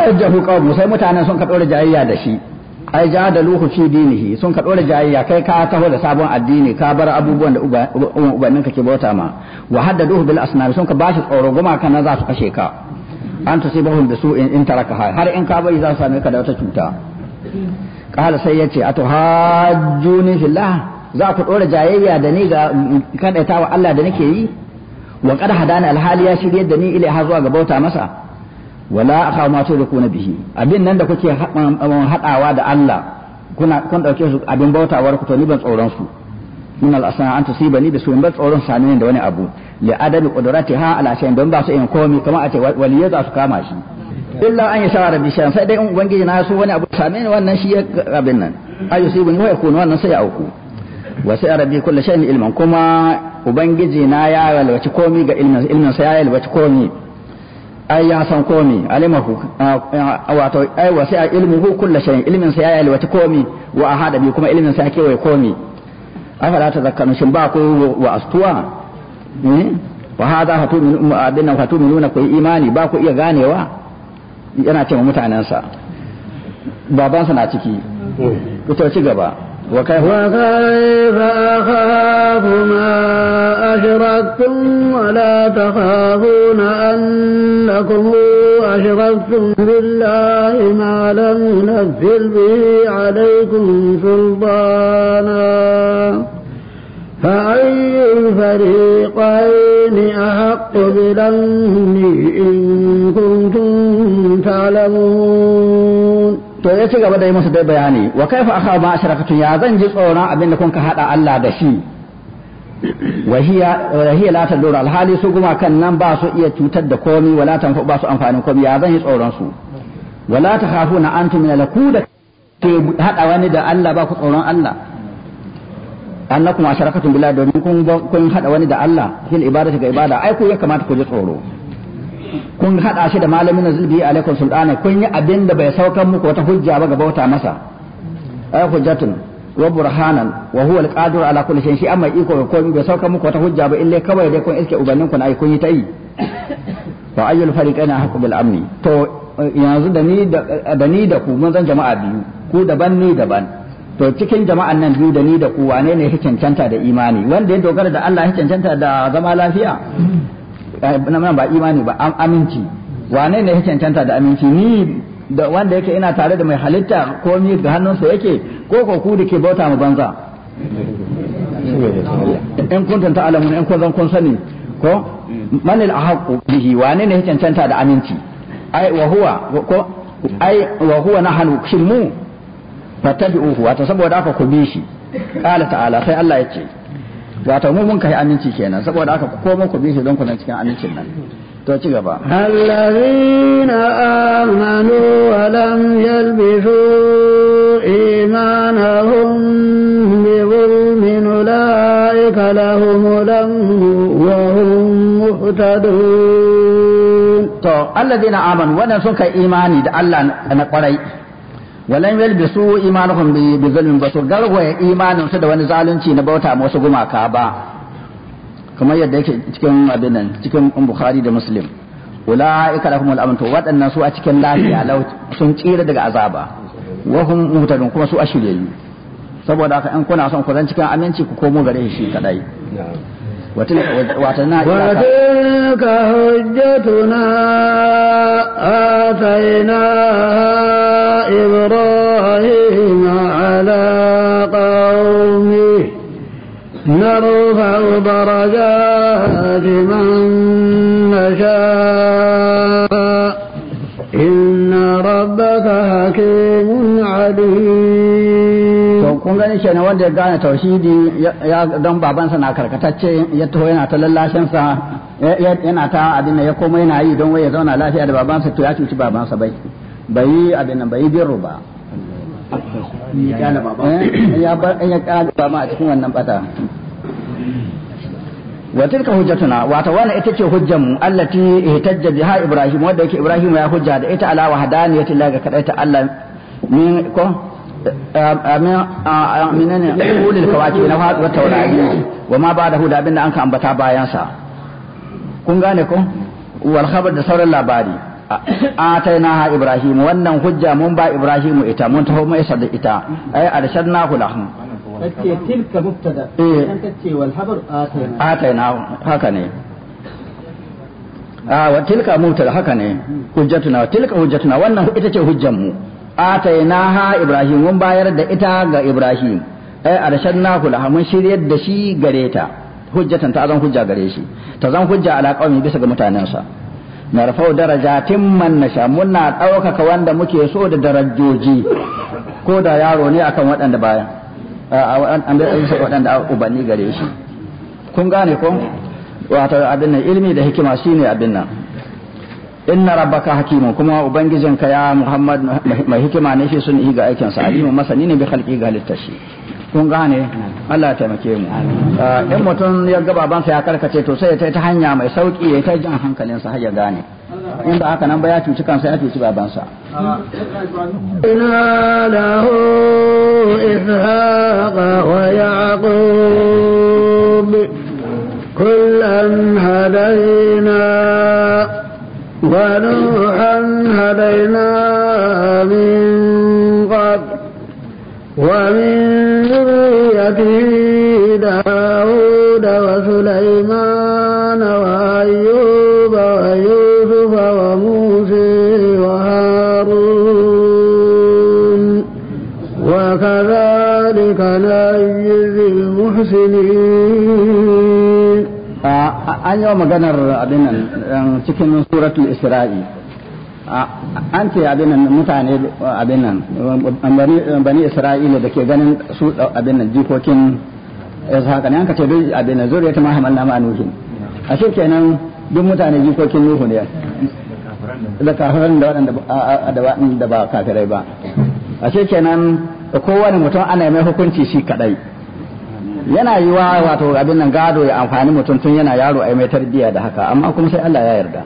hujjahu qawmu sai mutanen sun ka dora jayayya da shi ai luhu fi dinihi sun ka dora jayayya kai ka taho da sabon addini ka bar abubuwan da ubannin ka ke bauta ma wa haddaduhu bil asnam sun ka bashi tsoro goma na za su kashe ka an ta tusibahum bi su in taraka har in ka bai za su same ka da wata cuta qala sai yace ato atuhajjuni fillah za ku dora jayayya da ni ga kadaitawa Allah da nake yi wa qad hadana alhali ya shirye da ni ila har zuwa ga bauta masa wala akha ma kuna bihi abin nan da kuke hadawa da Allah kuna kun dauke su abin bautawar ku to ni ban tsoron su min al asana an tusibani bi su'in ban tsoron sani da wani abu li adami qudratiha ala shay'in don ba su in komi kamar a ce waliyya za su kama shi illa an yi shawara bi shay'in sai dai in ubangiji na su wani abu same ni wannan shi abin nan ayusibuni wa yakunu wannan sai ya auku wa sai rabbi kullu shay'in ilman kuma ubangiji na ya walwaci komi ga ilmin ilmin sai ya walwaci komi ai ya san komi alimahu wato ai sai a ilmihu kullu shay'in ilmin sai ya alwata komi wa ahada bi kuma ilmin sa ya kewaye komi afala ta zakkanu shin ba ku wa astuwa eh? wa hada hatu min abinna hatu min nuna ku imani ba ku iya ganewa yana cewa baban babansa na ciki ku eh. ci gaba وكيف أخاف ما أشركتم ولا تخافون أنكم أشركتم بالله ما لم ينزل به عليكم سلطانا فأي الفريقين أحق بلمني إن كنتم تعلمون to ya ci gaba da yi musu dai bayani wa kaifa akha ma asharakatun ya zan ji tsoron abin da kun ka hada Allah da shi wa hiya wa hiya alhali su guma kan nan ba su iya cutar da komi wala tanfa ba su amfanin komi ya zan yi tsoron su wala takhafuna antum da alakuda ke haɗa wani da Allah ba ku tsoron Allah annakum asharakatun billahi domin kun haɗa wani da Allah fil ibadati ga ibada ai ku ya kamata ku ji tsoro kun hada shi da malamin na zulbi alaikum sultana kun yi abin da bai saukar muku wata hujja ba ga bauta masa ay hujjatun wa burhanan wa huwa alqadir ala kulli shay'in shi amma iko ko bai saukar muku wata hujja ba illai kawai dai kun iske ubannin kun ai kun yi ta yi wa ayyul fariqaina haqqu bil amni to yanzu da ni da ni da ku mun zan jama'a biyu ku daban ni daban to cikin jama'an nan biyu da ni da ku wane ne ya cancanta da imani wanda ya dogara da Allah ya cancanta da zama lafiya Eh, nan ba imani ba aminci wane ne yake cancanta da aminci ni da wanda yake ina tare da mai halitta ko mi ga hannunsa yake ko ko ku da ke bauta mu banza in kuntum ta'lamun in kun zan kun sani ko man al ahqu bihi wane ne yake cancanta da aminci ai wa huwa ko ai wa huwa nahnu kullu fatabi'uhu wa saboda da ku bi shi qala ta'ala sai Allah ya ce wato mu mun kai aminci kenan saboda aka ku komo ku bi shi don ku na cikin amincin nan to ci gaba allazina amanu wa lam yalbisu imanahum bi zulmin ulaika lahumul lam wa hum muhtadun to allazina amanu wannan sun kai imani da Allah na kwarai walan bisu imanuhum bi bizulmin basu garwaya imanin su da wani zalunci na bauta ma wasu gumaka ba kamar yadda yake cikin abin nan cikin bukhari da muslim ulaika lahumul amn to waɗannan su a cikin lafiya lau sun tsira daga azaba wa hum mutadun kuma su a shiryayyu saboda haka in kuna son ku zan cikin aminci ku komo gare shi kadai وتلك واتنا تلك حجتنا آتينا إبراهيم على قومه نرفع درجات من kun gani kenan wanda ya gane tauhidi ya don babansa na karkatacce ya taho yana ta lallashinsa sa yana ta abin ya komai yana yi don wai ya zauna lafiya da babansa to ya cuci babansa bai bai yi abin nan bai yi biro ba eh, ya bar ya kala baba a cikin wannan bata wa tilka hujjatuna wato wannan ita ce hujjar mu allati ihtajja biha ibrahim wanda yake ibrahim ya hujja da ita ala wahdaniyati la ga kadaita Allah min ko menene ulil na taurari wa ma bayansa ko wal da sauran labari ataina ha ibrahim wannan hujja mun ba ibrahim ita mun taho mai da ita ai arshadna hu lahum kace tilka mubtada eh wal khabar ataina ataina haka ne a wa tilka mubtada haka ne hujjatuna tilka hujjatuna wannan ita ce hujjan mu ha ibrahim mun bayar da ita ga ibrahim ai na kula mun shiryar da shi gare ta hujjatan ta zan hujja gare shi ta zan hujja ala qaumi bisa ga mutanensa narfau darajatin man nasha muna ɗaukaka wanda muke so da darajoji ko da yaro ne akan waɗanda baya an waɗanda ubanni gare shi kun gane ko wato abin nan ilimi da hikima shine abin nan inna rabbaka hakimun kuma ubangijinka ya muhammad mai hikima ne shi sun yi ga aikin sa alimu masani ne bi khalqi halittar shi kun gane Allah ya taimake mu ah, in mutum ya ga babansa ya karkace to sai ya ta hanya mai sauki ya ta jan sa har ya gane in ba haka nan ba ya cuci kansa ya cuci babansa ina lahu ishaqa wa yaqub kullan hadai ونوحا هدينا من قبل ومن ذريته داود وسليمان وأيوب ويوسف وموسى وهارون وكذلك نجزي المحسنين an yi maganar abin nan um, cikin suratul isra'i an ce abin nan mutane abin nan bani isra'ila da ke ganin su abin nan jikokin ishaqa ne an ka ce duk abin nan zuriya ta ma hamalna a nuhin a shi kenan duk mutane jikokin nuhu ne da kafiran da waɗanda da ba kafirai ba a shi kenan kowane mutum ana mai hukunci shi kadai yana yi wa wato abin nan gado ya amfani mutum tun yana yaro a mai tarbiyya da haka amma kuma sai Allah ya yarda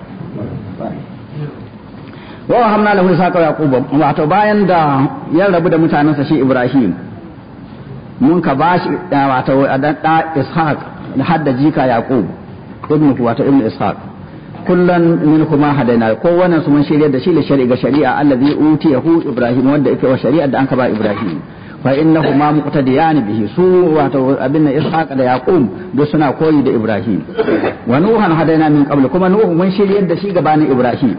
wa hamna lahu saqa yaquba wato bayan da ya rabu da sa shi Ibrahim mun ka bashi wato da Ishaq da hadda jika Yaqub ibnu wato ibn Ishaq kullan min kuma hadaina ko wannan su mun shirya da shi da shari'a ga shari'a allazi utiyahu Ibrahim wanda yake wa shari'a da an ka ba Ibrahim fa innahu ma muqtadiyan bihi su wato abin nan ishaq da yaqub duk suna koyi da ibrahim wa nuhan hadaina min qabl kuma nuhu mun shiryar da shi gabanin ibrahim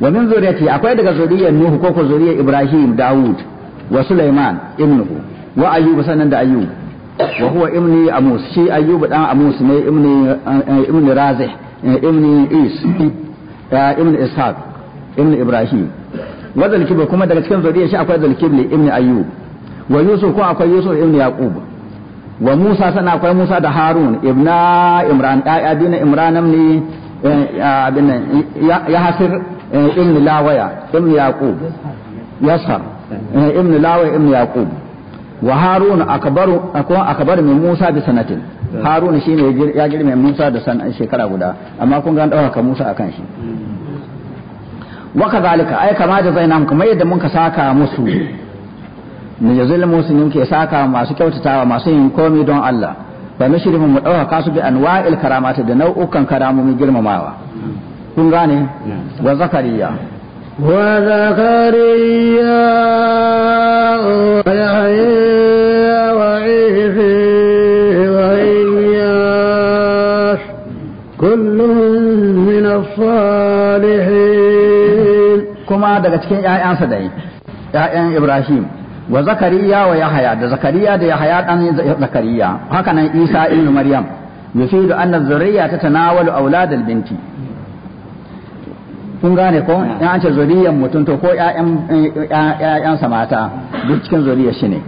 wa min zuriyati akwai daga zuriyar nuhu ko ko zuriyar ibrahim daud wa sulaiman ibnuhu wa ayyub sanan da ayyub wa huwa ibni amus shi ayyub dan amus ne ibni eh, ibni razih eh, ibni is ibni ishaq ibni ibrahim wa zalkibli kuma daga cikin zuriyar shi akwai zalkibli ibni ayyub wa yusuf ko akwai yusuf ibn yaqub wa musa sana akwai musa da harun ibna imran eh, ah, ya dina imran ne abin ya hasir eh, ibn lawaya ibn yaqub yasar eh, ibn lawaya ibn yaqub wa harun akbaru akwai akbar min musa bi sanatin harun shine ya girme musa da san shekara guda amma kun ga an dauka musa akan shi wa kadhalika ay kama da zainam kuma yadda mun ka saka musu mu sun muslimin ke saka masu kyautatawa masu yin komi don Allah na shirin mu dauka kasu bi anwa'il karamata da nau'ukan mu girmamawa kun gane wa zakariya wa zakariya wa yahya wa ifi wa ilyas kullum min as-salihin kuma daga cikin ƴaƴansa dai ƴaƴan Ibrahim wa zakariya wa yahaya da zakariya da yahaya dan zakariya haka nan isa ibn maryam yufidu anna zurriya tatanawalu aulad binti kun gane ko in an ce zuriyar mutum to ko ƴaƴan sa mata duk cikin zuriyar shi ne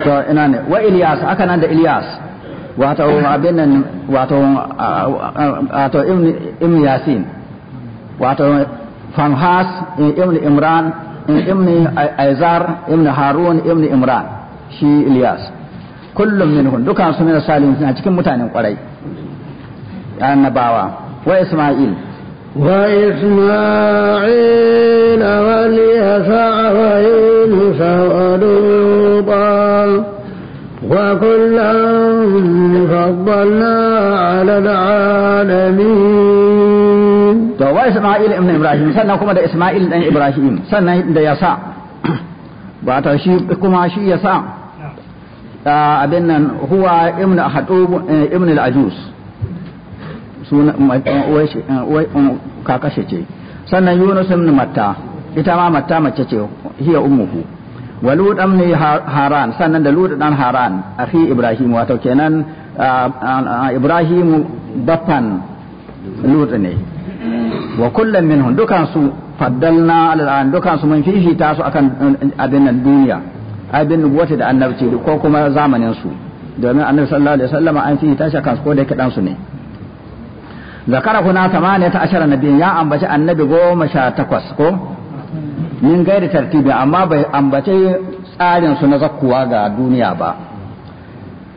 to ina ne wa ilyas haka nan da ilyas wato abin nan wato wato ibn yasin wato fanhas ibn imran ibn aizar ibn harun ibn imran shi ilyas kullum minhum dukan su min salihin suna cikin mutanen kwarai annabawa wa isma'il wa isma'il wa liyasa wa yunus wa lutan وكلا فضلنا على العالمين wa Isma'il ibn Ibrahim sannan kuma da Isma'il dan Ibrahim sannan da Yasa ba (coughs) ta shi kuma shi Yasa a abin nan huwa ibn Hatub eh, ibn al-Ajuz sunan eh, um, kakashe ce sannan Yunus ibn Matta ita ma Matta mace ce hiya ummuhu wa Lut ibn Haran sannan da Lut dan Haran akhi Ibrahim wato kenan Ibrahim bappan Lut ne wa kullum minhum dukansu faddalna al'an dukansu mun fifita su akan eh, abin nan duniya abin nubuwata da annabci ko kuma zamanin su domin annabi sallallahu alaihi wasallam an fifita shi akan su ko da kidan su ne zakara kuna ta ashara nabiyin ya ambaci annabi goma sha takwas ko min gaida tartibi amma bai ambace tsarin su na zakkuwa ga duniya ba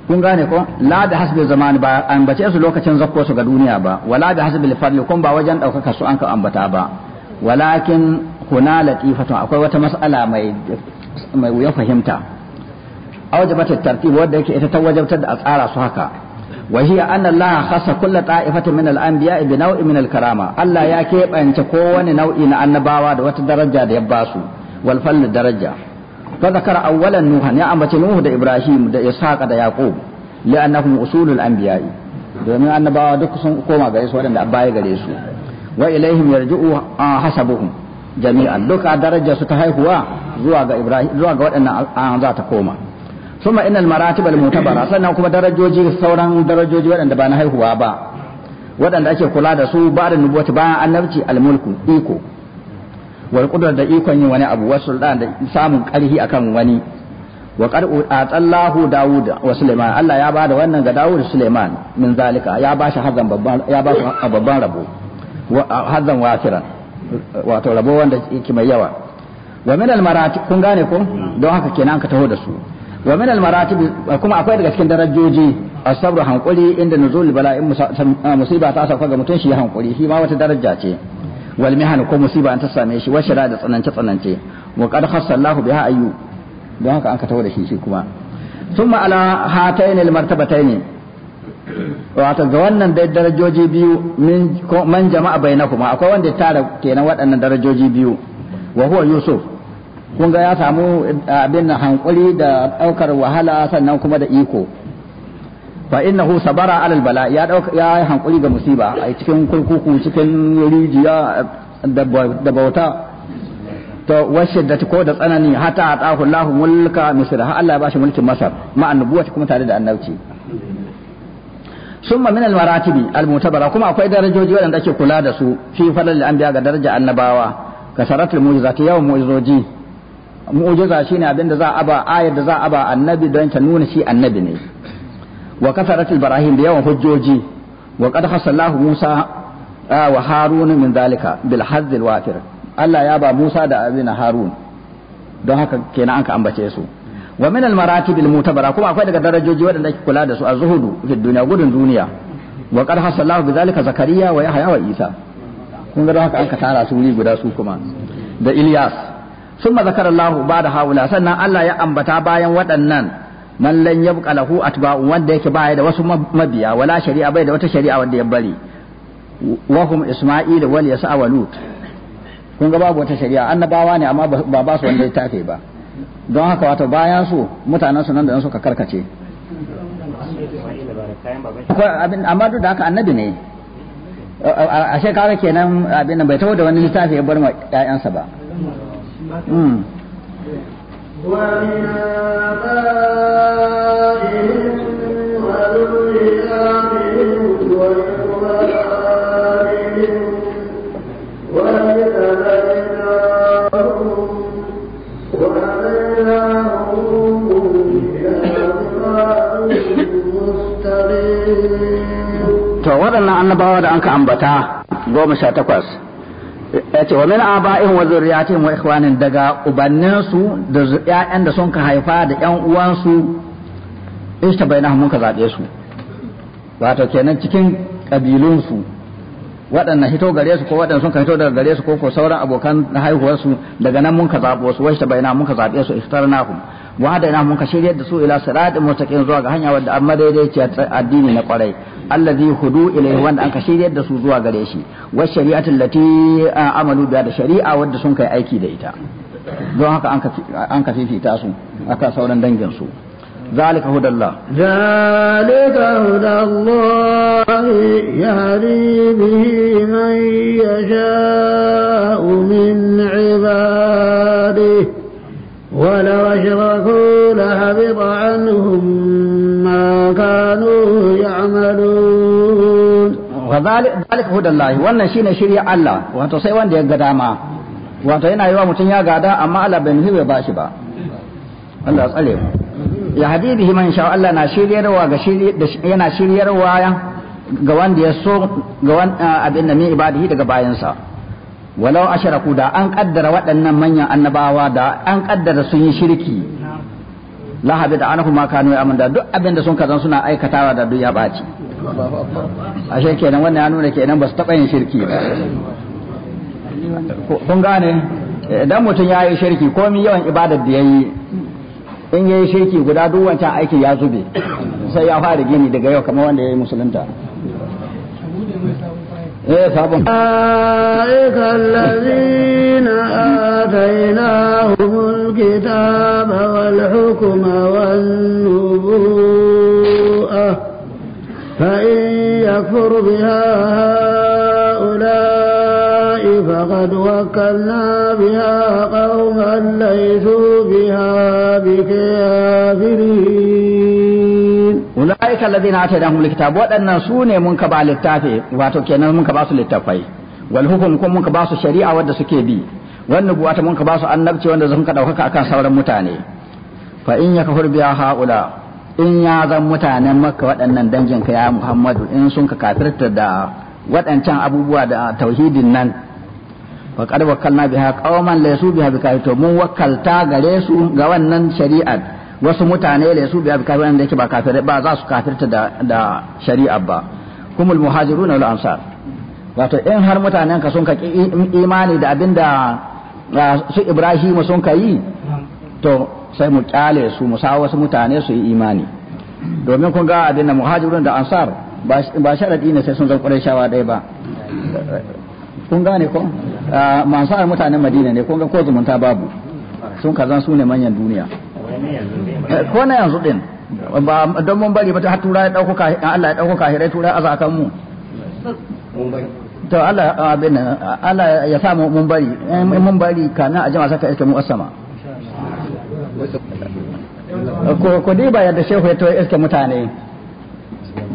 kun gane ko la da hasbi zamani ba an bace su lokacin zakko su ga duniya ba wala da hasbi fadli kun ba wajen daukaka su an ka ambata ba walakin kuna latifatun akwai wata mas'ala mai mai wuya fahimta awjabat tartib wadda yake ita ta da a tsara su haka wa hiya anna allaha khassa kull ta'ifatin min al-anbiya bi naw'in min al-karama Allah ya keɓance kowane nau'i na annabawa da wata daraja da ya basu wal fadl daraja fa zakara awwalan nuhan ya ambace nuhu da ibrahim da ishaqa da yaqub li'annahum usulul anbiya'i domin annabawa duk sun koma gare su waɗanda baya gare su wa ilaihim yarji'u hasabuhum jami'an duk a daraja su ta haihuwa zuwa ga ibrahim zuwa ga waɗannan za ta koma ثم ان sannan kuma darajoji sauran darajoji waɗanda ba na haihuwa ba waɗanda ake kula da su ba da nubuwata bayan annabci almulku iko wal qudrat da ikon yin wani abu wasu da samun karhi akan wani wa qad atallahu da'uda wa sulaiman Allah ya bada wannan ga Dawud da sulaiman min zalika ya ba shi hazan babban ya ba shi babban rabo hazan wasiran wato rabo wanda yake mai yawa wa min al maratib kun gane ko don haka kenan ka taho da su wa min al maratib kuma akwai daga cikin darajoji asabru hankuri inda nuzul bala'in musiba ta sauka ga mutum shi hankuri shi ma wata daraja ce wal mihan ko musiba an ta same shi washara da tsanance tsanance wa qad khassallahu biha ayyu don haka an ka tawo da shi shi kuma thumma ala hatayn al martabatayn wato ga wannan dai darajoji biyu man jama'a bainakuma akwai wanda ya tara kenan waɗannan darajoji biyu wa yusuf kunga ya samu eh, abin hankuli da ɗaukar wahala sannan kuma da iko fa innahu sabara alal bala ya dauka ya yi hankuri ga musiba a cikin kurkuku cikin rijiya da bauta to washiddati ko da tsanani hatta atahu Allahu mulka misr ha Allah ya bashi mulkin masar ma annubuwati kuma tare da annabci summa min almaratibi almutabara kuma akwai darajoji waɗanda ake kula da su fi falal anbiya ga daraja annabawa kasaratul mu'jizati yawan mu'jizoji mu'jiza shine abinda za a ba ayar da za a ba annabi don ta nuna shi annabi ne wa kasaratul barahim da yawan hujjoji wa qad hasallahu Musa wa Harun min zalika bil hazzil wafir Allah ya ba Musa da abin Harun don haka kenan anka ambace su wa min al maratib al mutabara kuma akwai daga darajoji waɗanda ake kula da su a zuhudu fi duniya gudun duniya wa qad hasallahu bi zalika zakariya wa yahya wa isa kun ga don haka anka tara su wuri guda su kuma da Ilyas ثم ذكر الله بعد haula sannan Allah ya ambata bayan waɗannan man lan yabqa lahu atba'u wanda yake baya da wasu mabiya wala shari'a bai da wata shari'a wanda ya bari wa hum isma'il wal yasa wa lut kun ga babu wata shari'a annabawa ne amma ba ba su wanda ya tafe ba don haka wato bayan su mutanen su nan da nan suka karkace amma duk da haka annabi ne a shekara kenan abin bai taho da wani littafi ya bar ma 'ya'yansa ba hmm. To waɗannan annabawa da an ka ambata goma sha takwas yace wa min aba'ihim wa zurriyatihim wa ikhwanin daga ubannin su da ƴaƴan da sun ka haifa da ƴan uwan su ista bainahum mun ka zabe su wato kenan cikin kabilun su waɗannan hito gare su ko waɗannan sun ka hito daga gare su ko ko sauran abokan haihuwar su daga nan mun ka zabo su washta bainahum mun ka zabe su ikhtarnahum wa ina mun ka shiryar da su ila siratin mustaqim zuwa ga hanya wadda amma daidaiciya addini na kwarai allazi hudu ilayhi wanda an ka shiryar da su zuwa gare shi wa shari'atu allati amalu biha da shari'a wadda sun kai aiki da ita don haka an ka fifita su aka sauran dangin su ذلك هدى الله ذلك هدى الله يهدي به من يشاء من عباده zalika hudallahi wannan shine shirya Allah wato sai wanda ya ga dama wato yana yi wa mutum ya gada amma Allah bai nufi bai bashi ba Allah tsare mu ya habibi man sha Allah na shiryarwa ga shiri yana shiryarwa ga wanda ya so ga abin da min ibadihi daga bayansa walau asharaku da an kaddara waɗannan manyan annabawa da an kaddara sun yi shirki lahabi da anahu ma kanu ya amanda duk abin da sun kazan suna aikatawa da duk ya baci ashe kenan wannan ya nuna kenan ba su taɓa yin shirki ba kun gane idan mutum ya yi shirki komi yawan ibadar da ya yi in ya yi shirki guda duk wancan aiki ya zube sai ya fara gini daga yau kamar wanda ya yi musulunta ايه صابون اولئك الذين اتيناهم الكتاب والحكم والنبوة فإن يكفر بها هؤلاء فقد وكلنا بها قوما ليسوا بها بكافرين أولئك الذين آتيناهم الكتاب وأن سوني منك بعد التافي واتوكينا منك بعد التافي والحكم كم منك بعد الشريعة ودى سكيبي والنبوة منك بعض النبتي ودى زمك دوكك أكان سورا متاني فإن يكفر بها هؤلاء in ya zan mutanen maka waɗannan ka ya muhammadu in sun ka kafirta da waɗancan abubuwa da tauhidin nan wa qad wakkalna biha qauman laysu biha bikafir mun wakkalta gare su ga wannan shari'ar wasu mutane biya biha bikafir wanda yake ba kafirai ba za su kafirta da da shari'ar ba kumul muhajirun wal ansar wato in har mutanen ka sun ka imani da abinda su Ibrahimu sun ka yi to sai mu kyale su mu sa wasu mutane su yi imani domin kun ga abin muhajirun da ansar ba da ne sai sun zan shawa dai ba kun gane ko ah, mansar mutanen madina ne kun ga ko zumunta babu sun kazan su ne manyan duniya ko na yanzu din ba don mun bari ba ta tura ya dauko ka Allah ya dauko kahirai tura aza kan mu to Allah abin Allah ya sa mun bari eh, mun bari kana a jama'a saka iske mu asama ko dai ba yadda shehu ya to iske mutane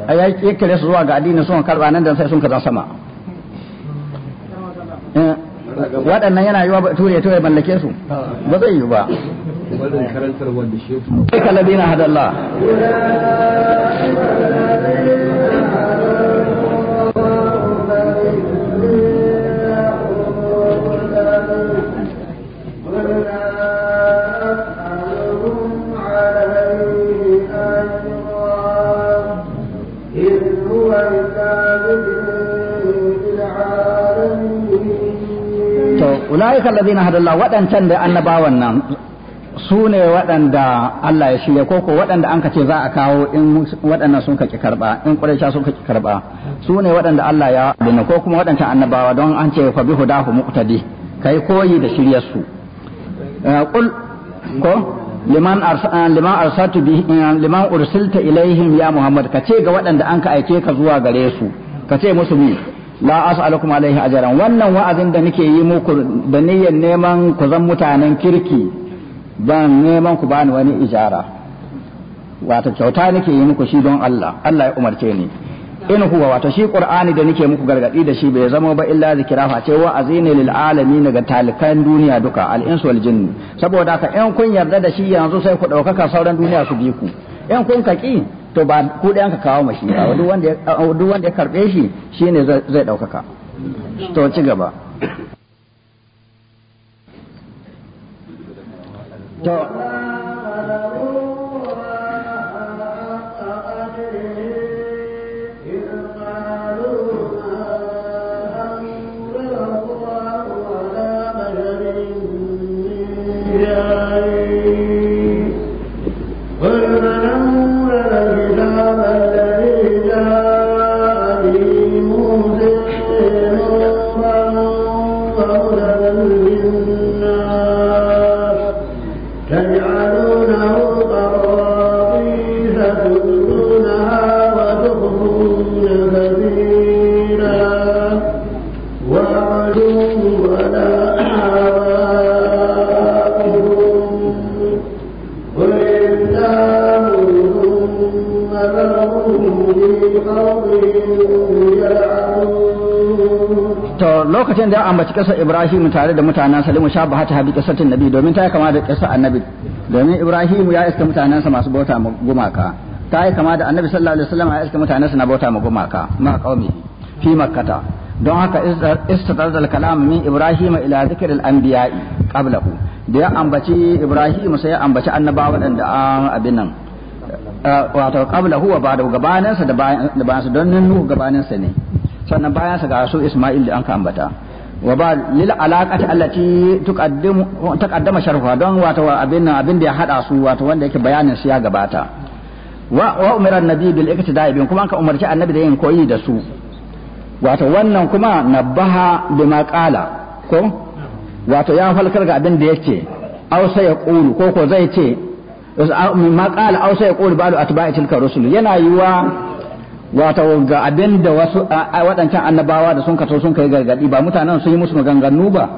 a ya kere su zuwa ga addini sun karba nan da sai sun kaza sama eh, waɗannan yana yi wa ture ya ya mallake su ba zai yi ba wannan karantar wanda shehu ulaika allazina hadallahu waɗancan da annabawan nan su ne waɗanda Allah ya shirya ko ko waɗanda an ce za a kawo in waɗannan sun kaki karba in ƙuraisha sun kaki karba su ne waɗanda Allah ya dina ko kuma waɗancan annabawa don an ce fa bi hudahu muqtadi kai koyi da shiryar su eh, qul ko liman eh, liman arsaltu bi eh, liman ursilta ilaihim ya muhammad kace ga waɗanda an ka aike ka zuwa gare su kace musu ni la as'alukum alaihi ajran wannan wa'azin da nake yi muku da niyyar neman ku zan mutanen kirki ban neman ku bani wani ijara wato kyauta nake yi muku shi don Allah Allah ya umarce ni in huwa wato shi qur'ani da nake muku gargadi da shi bai zama ba illa zikira fa ce wa'azi ne lil alamin ga talikan duniya duka al insu wal jinn saboda ka in kun yarda da shi yanzu sai ku daukaka sauran duniya su bi ku in kun kaki to ba ku da ka kawo mashi ba duk wanda ya karbe shi shi shine zai daukaka to ci gaba to lokacin da ya ambaci kasar Ibrahim tare da mutanen Salimu sha ba ta habi kasar Nabi domin ta yi kama da kasar Annabi domin Ibrahim ya iska mutanen sa masu bauta gumaka ta yi kama da Annabi sallallahu alaihi wasallam ya iska mutanen sa na bauta ma gumaka ma qaumi fi makkata don haka istadar da kalam min Ibrahim ila zikr al anbiya'i qablahu da ya ambaci Ibrahim sai ya ambaci annabawa da abin nan eh, wato qablahu wa ba'da gabanin sa da bayan sa don nan gabanin sa ne sannan bayan sa ga su Isma'il da an ka ambata wa ba lil alaqati allati tuqaddimu taqaddama sharhuha don wato abin nan abin da ya hada su wato wanda yake bayanin su ya gabata wa wa umira annabi bil iktida'i bin kuma an ka umarci annabi da yin koyi da su wato wannan kuma nabaha bi maqala ko wato ya falkar ga abin da yake aw sai ya qulu ko ko zai ce maqala aw sai ya qulu ba'du atba'i tilka rusul yana yiwa wato ga abin da wasu waɗancan annabawa da sun kato sun kai gargadi ba mutanen sun yi musu maganganu ba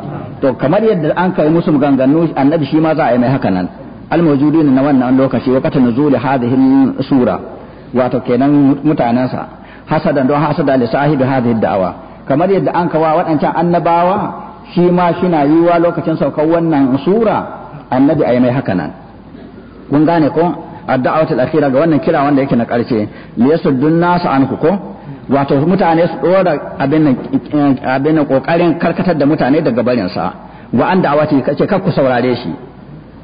to kamar yadda an kai musu maganganu annabi shi ma za a yi mai haka nan almujudin na wannan lokaci wa kata nuzuli hadhihi sura wato kenan mutanansa hasadan don hasada li sahibi hadhihi da'awa kamar yadda an kawa waɗancan annabawa shi ma shina yiwa lokacin saukar wannan sura annabi a yi mai haka nan kun gane ko ad-da'watul akhira ga wannan kira wanda yake na karshe li yasuddun nasu anku ko wato mutane su dora abin nan abin nan kokarin karkatar da mutane daga barin sa wa an da'awati kace kar ku saurare shi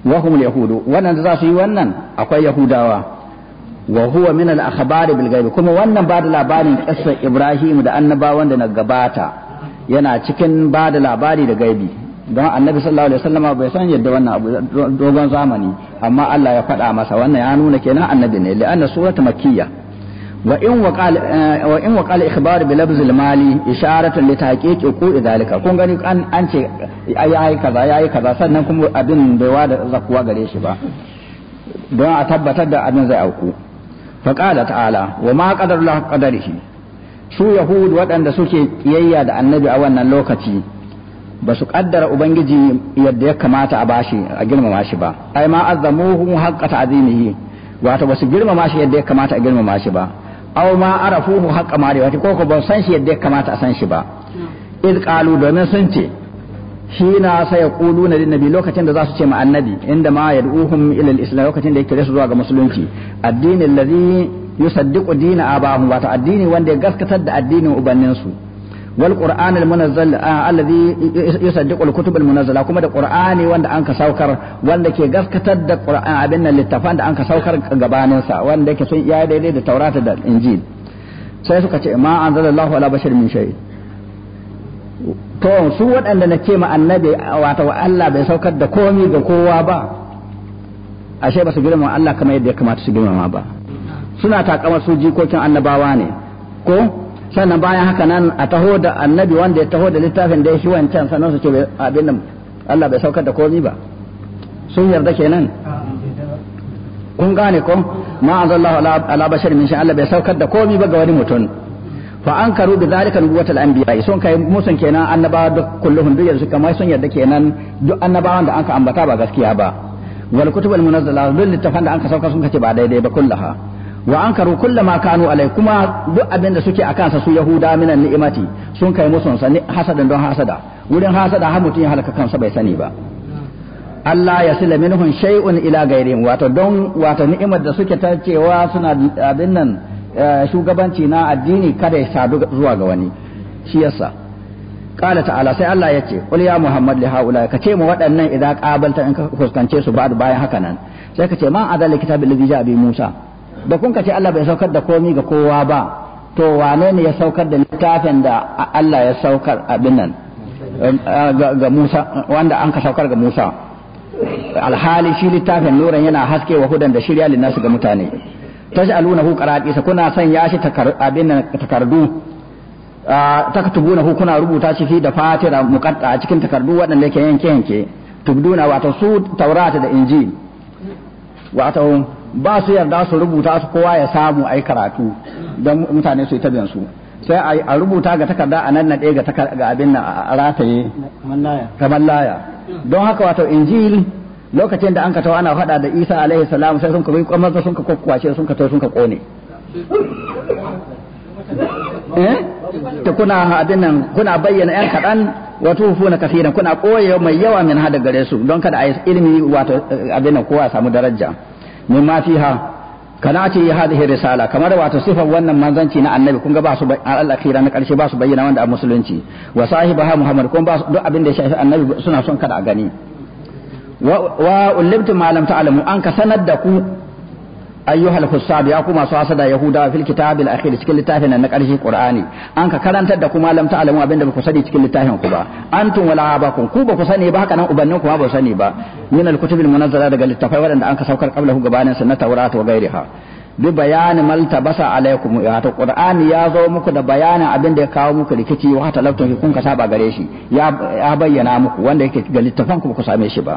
wa hum yahudu wannan za su yi wannan akwai yahudawa wa huwa min al-akhbari bil ghaib kuma wannan ba da labarin kissa Ibrahim da annabawan da na gabata yana cikin ba da labari da gaibi don annabi sallallahu alaihi wasallama bai san yadda wannan abu dogon zamani amma Allah ya faɗa masa wannan ya nuna kenan annabi ne li'anna surata makkiyya wa in eh, wa in wa qala ikhbar bi labz al mali isharatan li tahqiq ku idalika kun gani an an ce yayi kaza yayi kaza sannan kuma abin bai wada zakuwa gare shi ba don a tabbatar da abin zai auku fa qala ta'ala wa ma qadara qadarihi su yahud waɗanda suke kiyayya da annabi a wannan lokaci ba su kaddara ubangiji yadda ya kamata a bashi a girmama shi ba ai ma azzamuhu haqqa ta'zimihi wato ba su girmama shi yadda ya kamata a girmama shi ba aw ma arafuhu haqqa ma'rifati wato koko ba san shi yadda ya kamata a san shi ba Iz qalu domin sun ce shi na sai yaquluna na nabi lokacin da za su ce ma annabi inda ma yad'uhum ila al-islam lokacin da yake su zuwa ga musulunci addinin allazi yusaddiqu dina abahum wato addini wanda ya gaskatar da addinin ubanninsu su wal qur'an al munazzal ah, alladhi yusaddiqu al kutub al munazzala kuma da qur'ani wanda an ka saukar wanda ke gaskatar da qur'an ah, abin nan littafan da an ka saukar gabanin sa wanda yake sun iya daidai da taurata da injil sai suka ce ma an anzalallahu ala bashir min shay to su wadanda na ce ma annabi wato Allah bai saukar da komi ga kowa ba ashe ba su girmama Allah kamar yadda ya kamata su girmama ba suna takamar su jikokin annabawa ne ko sannan bayan haka nan a taho da annabi wanda ya taho da littafin da ya shi wancan sannan su ce abin nan Allah bai saukar da komi ba sun yarda kenan kun gane ko ma azallahu ala bashar min shi Allah bai saukar da komi ba ga wani mutum fa an karu bi zalika nubuwatul anbiya sun kai musan kenan annabawa duk kulluhum duk yanzu kamar sun yarda kenan duk annabawan da anka ambata ba gaskiya ba wal kutubul munazzala duk littafan da anka sauka sun kace ba daidai ba kullaha wa ankaru makano ma kanu alai kuma duk abin da suke akan sa su yahuda minan ni'imati sun kai musu sani hasada don hasada wurin hasada har mutum ya halaka kansa bai sani ba Allah ya sila minhum shay'un ila ghairihim wato don wato ni'imar da suke ta suna abin nan eh, shugabanci na addini kada ya sadu zuwa ga wani shi yasa allah ya ce الله ya muhammad يا محمد ka ce mu waɗannan idan qabalta in ka fuskance su ba bayan haka nan sai ka ce man adal kitab alladhi ja'a bi Musa da kun ka ce Allah bai saukar da komi ga kowa ba to wane ne ya saukar da littafin da Allah ya saukar abin nan eh, ga Musa wanda an ka saukar ga Musa alhali shi littafin nuran yana haske wa hudan da shirya linnasu ga mutane al'una taj'alunahu qaratisa kuna son ya shi abin nan takardu ah, hu kuna rubuta shi fi da fatira muqatta a cikin takardu waɗanda yake yanke yanke tubduna wato su taurata da injil wato ba su yarda su rubuta su kowa ya samu a yi karatu don mutane su yi tabin su sai a rubuta ga takarda a nan ɗaya ga abin na a rataye kamar laya don haka wato injil lokacin da an ka ana faɗa da isa alaihi salam sai sun ka bi kwamar sun ka kwakwace sun ka to sun ka kone (laughs) eh? ta kuna abin nan kuna bayyana yan kaɗan wato na kafiran kuna koyewa mai yawa min hada gare su don kada a yi ilimi wato eh, abin nan kowa samu daraja mimma fiha kana ce hadhihi risala kamar wato sifar wannan manzanci na annabi kun ga ba su al-akhira na karshe ba su bayyana wanda a musulunci wa sahibaha muhammad kun ba su duk abin da ya shafi annabi suna son kada a gani wa ulibtu ma lam ta'lamu an ka sanar da ku ayyuhal hussad ya kuma su hasada yahuda fil kitabil akhir cikin littafin na karshe qur'ani an ka karanta da kuma lam ta'lamu abinda ba ku sani cikin littafin ku ba antum wala abakum ku ba ku sani ba haka nan ubannin ku ma ba sani ba min al kutubil munazzala daga littafai wadanda an ka saukar qablahu gabanin sunnata tawrat wa ghairiha bi bayani maltabasa alaikum ta qur'ani ya zo muku da bayanin abin da ya kawo muku rikici wa hatta lafton kun ka saba gare shi ya bayyana muku wanda yake ga littafan ku ku same shi ba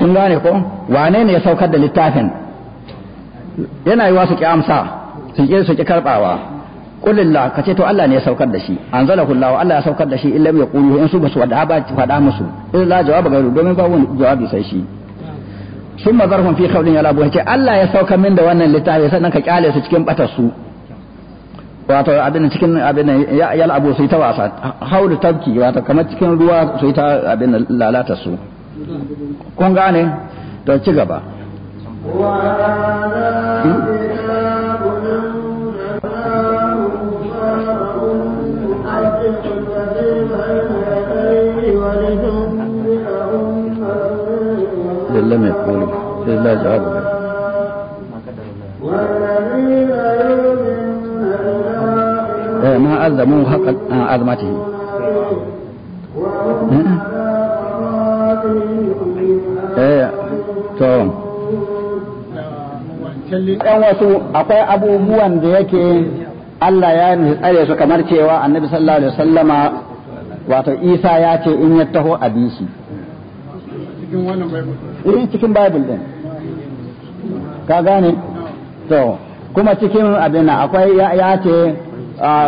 in gane ko wane ne ya saukar da littafin yana yi wasu kyamsa amsa su ki su ki karbawa kulilla ka ce to Allah ne ya saukar da shi zala kullawa Allah ya saukar da shi illa ya qulu in su basu wada ba fada musu illa jawabu gairu domin ba wani jawabi sai shi sun mazarhun fi khawlin yalabu ce Allah ya saukar min da wannan littafi sannan ka kyale su cikin batar su wato abin cikin abin yalabu su yi ta wasa haulu tabki wato kamar cikin ruwa su yi ta abin lalata su kun gane to ci gaba لم يقولوا لله جوابه ما ألزموه حق أزمته eh to dan wasu akwai abubuwan da yake Allah ya nufi tsare su kamar cewa annabi sallallahu alaihi wasallama wato Isa ya ce in ya taho a bi shi cikin bible cikin bible din ka gane to kuma cikin abin akwai ya ce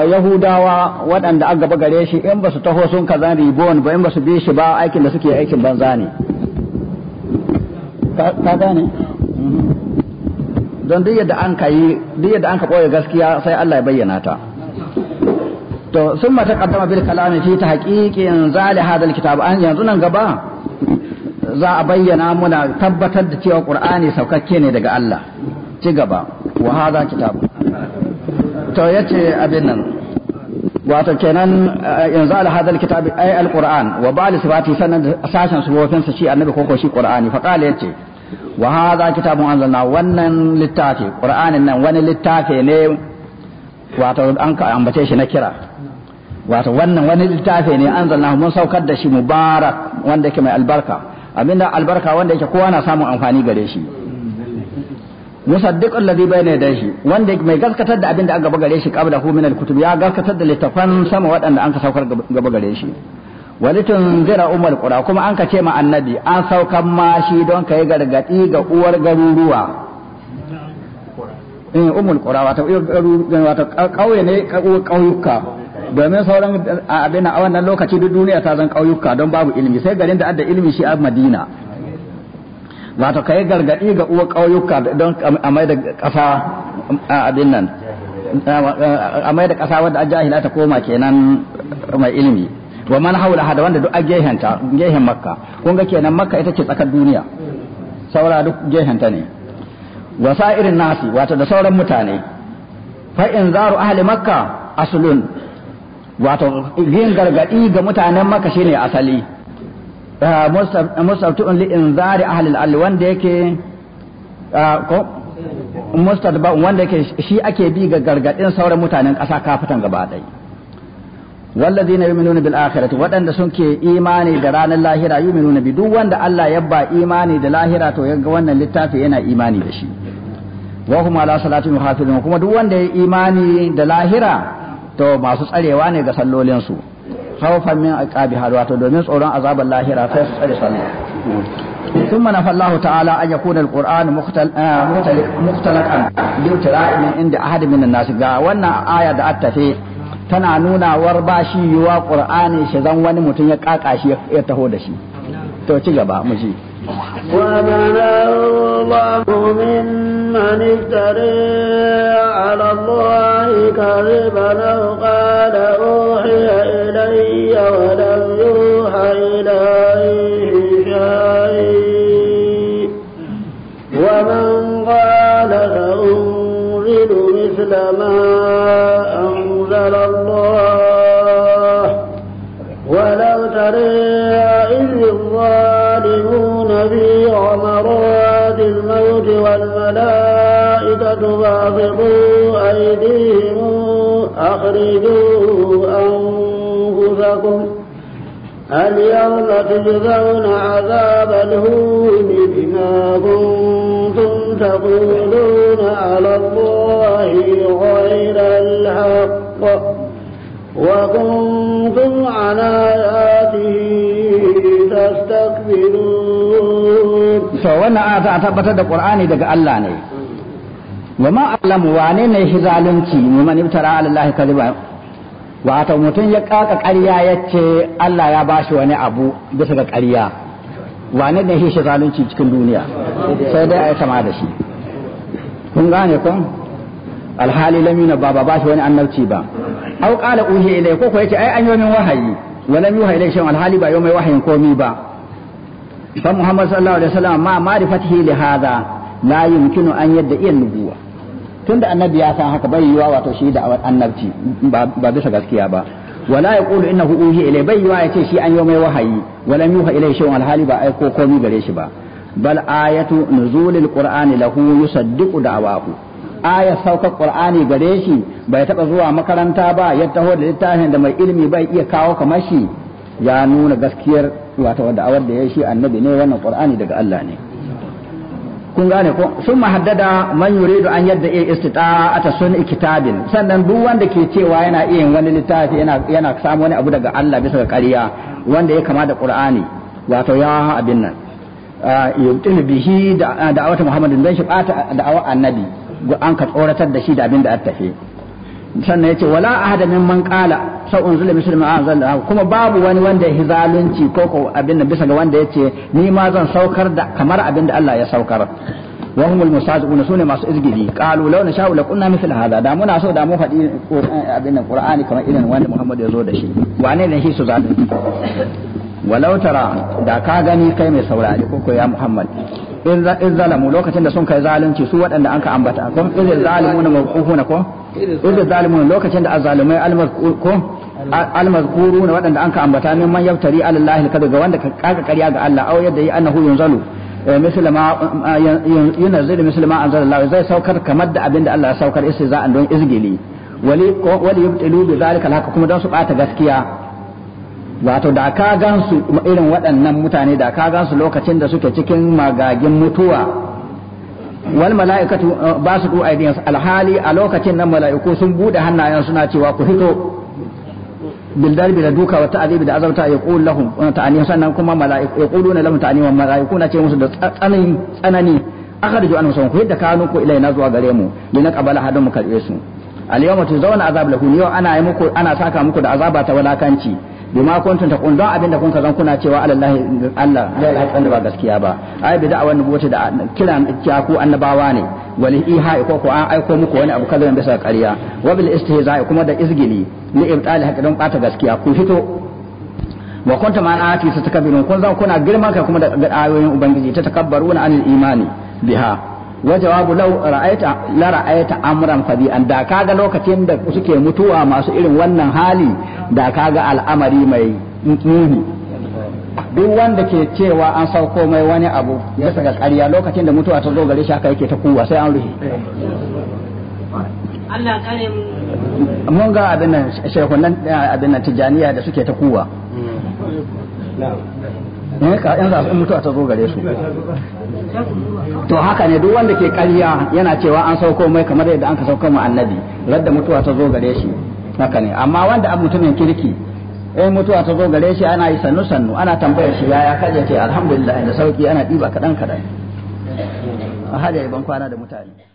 Yahudawa waɗanda aka gaba gare shi in ba su taho sun kazan ribon ba in ba su bi shi ba aikin da suke aikin banza ne ka gane don duk yadda an ka yi duk yadda an ka koya gaskiya sai Allah ya bayyana ta to sun mata kaddama bil kalami fi ta haqiqin zali hadal kitab an yanzu nan gaba za a bayyana muna tabbatar da cewa qur'ani saukakke ne daga Allah ci gaba wa hadha kitab to yace abin nan wato kenan eh, yanzu ala hadal kitabi ay alquran wa ba'al sifati sanan sashen sifofin sa shi annabi koko shi qur'ani fa qala yace wa hadha kitabun anzalna wannan littafi qur'anin nan wani littafi ne wato an ka ambace shi na kira wato wannan wani littafi ne anzalna mun saukar da shi mubarak wanda yake mai albarka abinda albarka wanda yake kowa na samun amfani gare shi musaddiqul ladhi bayna yadayhi wanda mai gaskatar da abin da aka gare shi qabla hu min al-kutub ya gaskatar da littafan sama waɗanda an ka saukar gaba gare shi walitun zira umar qura kuma an ka ce ma annabi an saukan ma shi don kai gargadi ga uwar garuruwa in eh, umul qura wata wata kauye ne kauyuka domin sauran abin a wannan lokaci duk duniya ta zan kauyuka don babu ilimi sai garin da adda ilimi shi a madina wato kai gargadi ga uwa ƙauyuka don a mai da ƙasa a abin nan a mai da ƙasa wadda an jahila ta koma kenan mai ilimi wa man haula hada wanda duk a gehenta gehen makka kun ga kenan makka ita ce tsakar duniya saura duk gehenta ne wa sa'irin nasi wato da sauran mutane fa in zaru ahli makka aslun wato yin gargadi ga mutanen makka shine asali مستبتئ لإنذار أهل ahli al wanda yake شيء mustadba wanda إن صور ake أسا ga gargadin والذين يؤمنون بالآخرة وأن سنك إيماني دران الله را يؤمنون بدو وأن الله يبا إيماني دلاهرة ويقوان للتافي إنا إيماني بشي وهم على صلاة يحافظون وكما دو وأن إيماني دلاهرة تو ما سسألي واني قصلوا لنسو khawfan min aqabiha wato domin tsoron azabar lahira sai su tsare sallah ثم نفى الله تعالى أن يكون القرآن مختلقا بابتلاء من عند أحد من الناس وانا آية دعت فيه tana nuna war ba shi yiwa qur'ani shi zan wani mutum ya kaka shi ya taho da shi to ci gaba mu على الله كذبا قال أوحي إلي ولم يوحى إليه شيء ومن قال سأنزل مثل ما اليوم تجزون عذاب الهون بما كنتم تقولون على الله غير الحق وكنتم على آياته تستكبرون فوانا آتا تبتد القرآن دق الله ني وما أعلم وانين هزالنتي ومن ابترى على الله كذبا wato mutum ya kaka ƙarya ya ce Allah ya bashi wani abu bisa ga ƙarya wane ne shi zalunci cikin duniya sai dai a yi sama da shi kun gane kun alhali lamina ba ba bashi wani annabci ba au qala uhi ilai ko ko yace ai an yomin min wahayi walam yuha ilai shan alhali ba yau mai wahayin komi ba fa muhammad sallallahu alaihi wasallam ma ma'rifatihi li hadha la yumkinu an yadda iya nubuwa tunda annabi ya san haka bai yiwa wato shi da annabci ba bisa gaskiya ba wala yaqulu innahu uhi ilai bai yiwa ce shi an yi mai wahayi wala yuha ilay shay'un alhali ba ai ko komai gare shi ba bal ayatu nuzulil qur'ani lahu yusaddiqu da'wahu aya saukar qur'ani gare shi bai taba zuwa makaranta ba ya taho da littafin da mai ilimi bai iya kawo kamar shi ya nuna gaskiyar wato da'awar da ya shi annabi ne wannan qur'ani daga Allah ne kun gane ko sun mahaddada man yuridu an yadda iya ta sun kitabin sannan duk wanda ke cewa yana iya yin wani littafi yana yana samu wani abu daga Allah bisa ga ƙarya wanda ya kama da Qur'ani wato ya abin nan yutil bihi da da'awata Muhammadin dan shi bata da'awa annabi an ka tsoratar da shi da abin da ya tafi sannan ya ce wala ahada min man qala sa unzila mislu ma anzala kuma babu wani wanda ya zalunci ko ko abin bisa ga wanda yace ni ma zan saukar da kamar abin da Allah ya saukar wa humul musaziquna sune masu izgidi qalu law nasha'u la kunna mithla hada da muna so da mu faɗi abin qur'ani kamar irin wanda Muhammad ya zo da shi wane ne shi su zalunci walau tara da ka gani kai mai saurari ko ko ya Muhammad in zalamu lokacin da sun kai zalunci su waɗanda an ka ambata kun iz zalimuna na ko iz zalimu lokacin da azalimai almazkuru na waɗanda an ka ambata min man yaftari ala Allah alkadu ga wanda ka kaka ƙarya ga Allah aw yadda yi annahu yunzalu eh, misal ma eh, yunzilu misal ma anzala Allah zai saukar kamar da abinda Allah ya saukar istiza'an don izgili wali wali yubtilu bi zalika alhaq kuma don su bata gaskiya wato da ka gansu irin waɗannan mutane da ka gansu lokacin da suke cikin magagin mutuwa wal mala'ikatu uh, ba su du aidiyansu alhali a lokacin nan mala'iku sun bude hannayen suna cewa ku fito bil darbi da duka wa ta'dibi da azabta yaqul lahum uh, ta'ani sannan kuma mala'iku yaquluna lahum ta'ani wa mala'iku na ce musu da tsanani tsanani akhriju an musawan ku yadda kanu ku ilaina zuwa gare mu linaqbala hadum mu karbe su al yawma tuzawna azab lahum yau ana yi muku ana saka muku da azaba ta walakanci bima kuntum taqul don abin da kun zan kuna cewa alallahi Allah la ilaha illa ba gaskiya ba ai bi da'awan nubuwata da kira cewa ku annabawa ne wal iha ko ko an aiko muku wani abu kallon bisa ƙarya wa bil istihza'i kuma da izgili ni ibtali haka bata gaskiya ku fito wa kuntum an ati su takabirun kun zan kuna girman ka kuma da ayoyin ubangiji ta na anil imani biha wa jawabu law ra'aita la ra'aita amran fabi'an da kaga lokacin da suke mutuwa masu irin wannan hali da kaga al'amari mai muni duk wanda ke cewa an sauko mai wani abu ya saka ƙarya lokacin da mutuwa ta zo gare shi haka yake ta kuwa sai an rufe Allah kare mu mun ga abin nan shekunan abin nan tijaniya da suke ta kuwa hmm. in ka yan za su mutuwa ta zo gare su to haka ne duk wanda ke ƙarya yana cewa an sauko mai kamar yadda an ka sauko mu annabi radda mutuwa ta zo gare shi haka ne amma wanda an mutumin kirki eh mutuwa ta zo gare shi ana yi sannu sannu ana tambayar shi yaya kaje ce alhamdulillah da sauki ana diba kadan kadan a hada ban kwana da mutane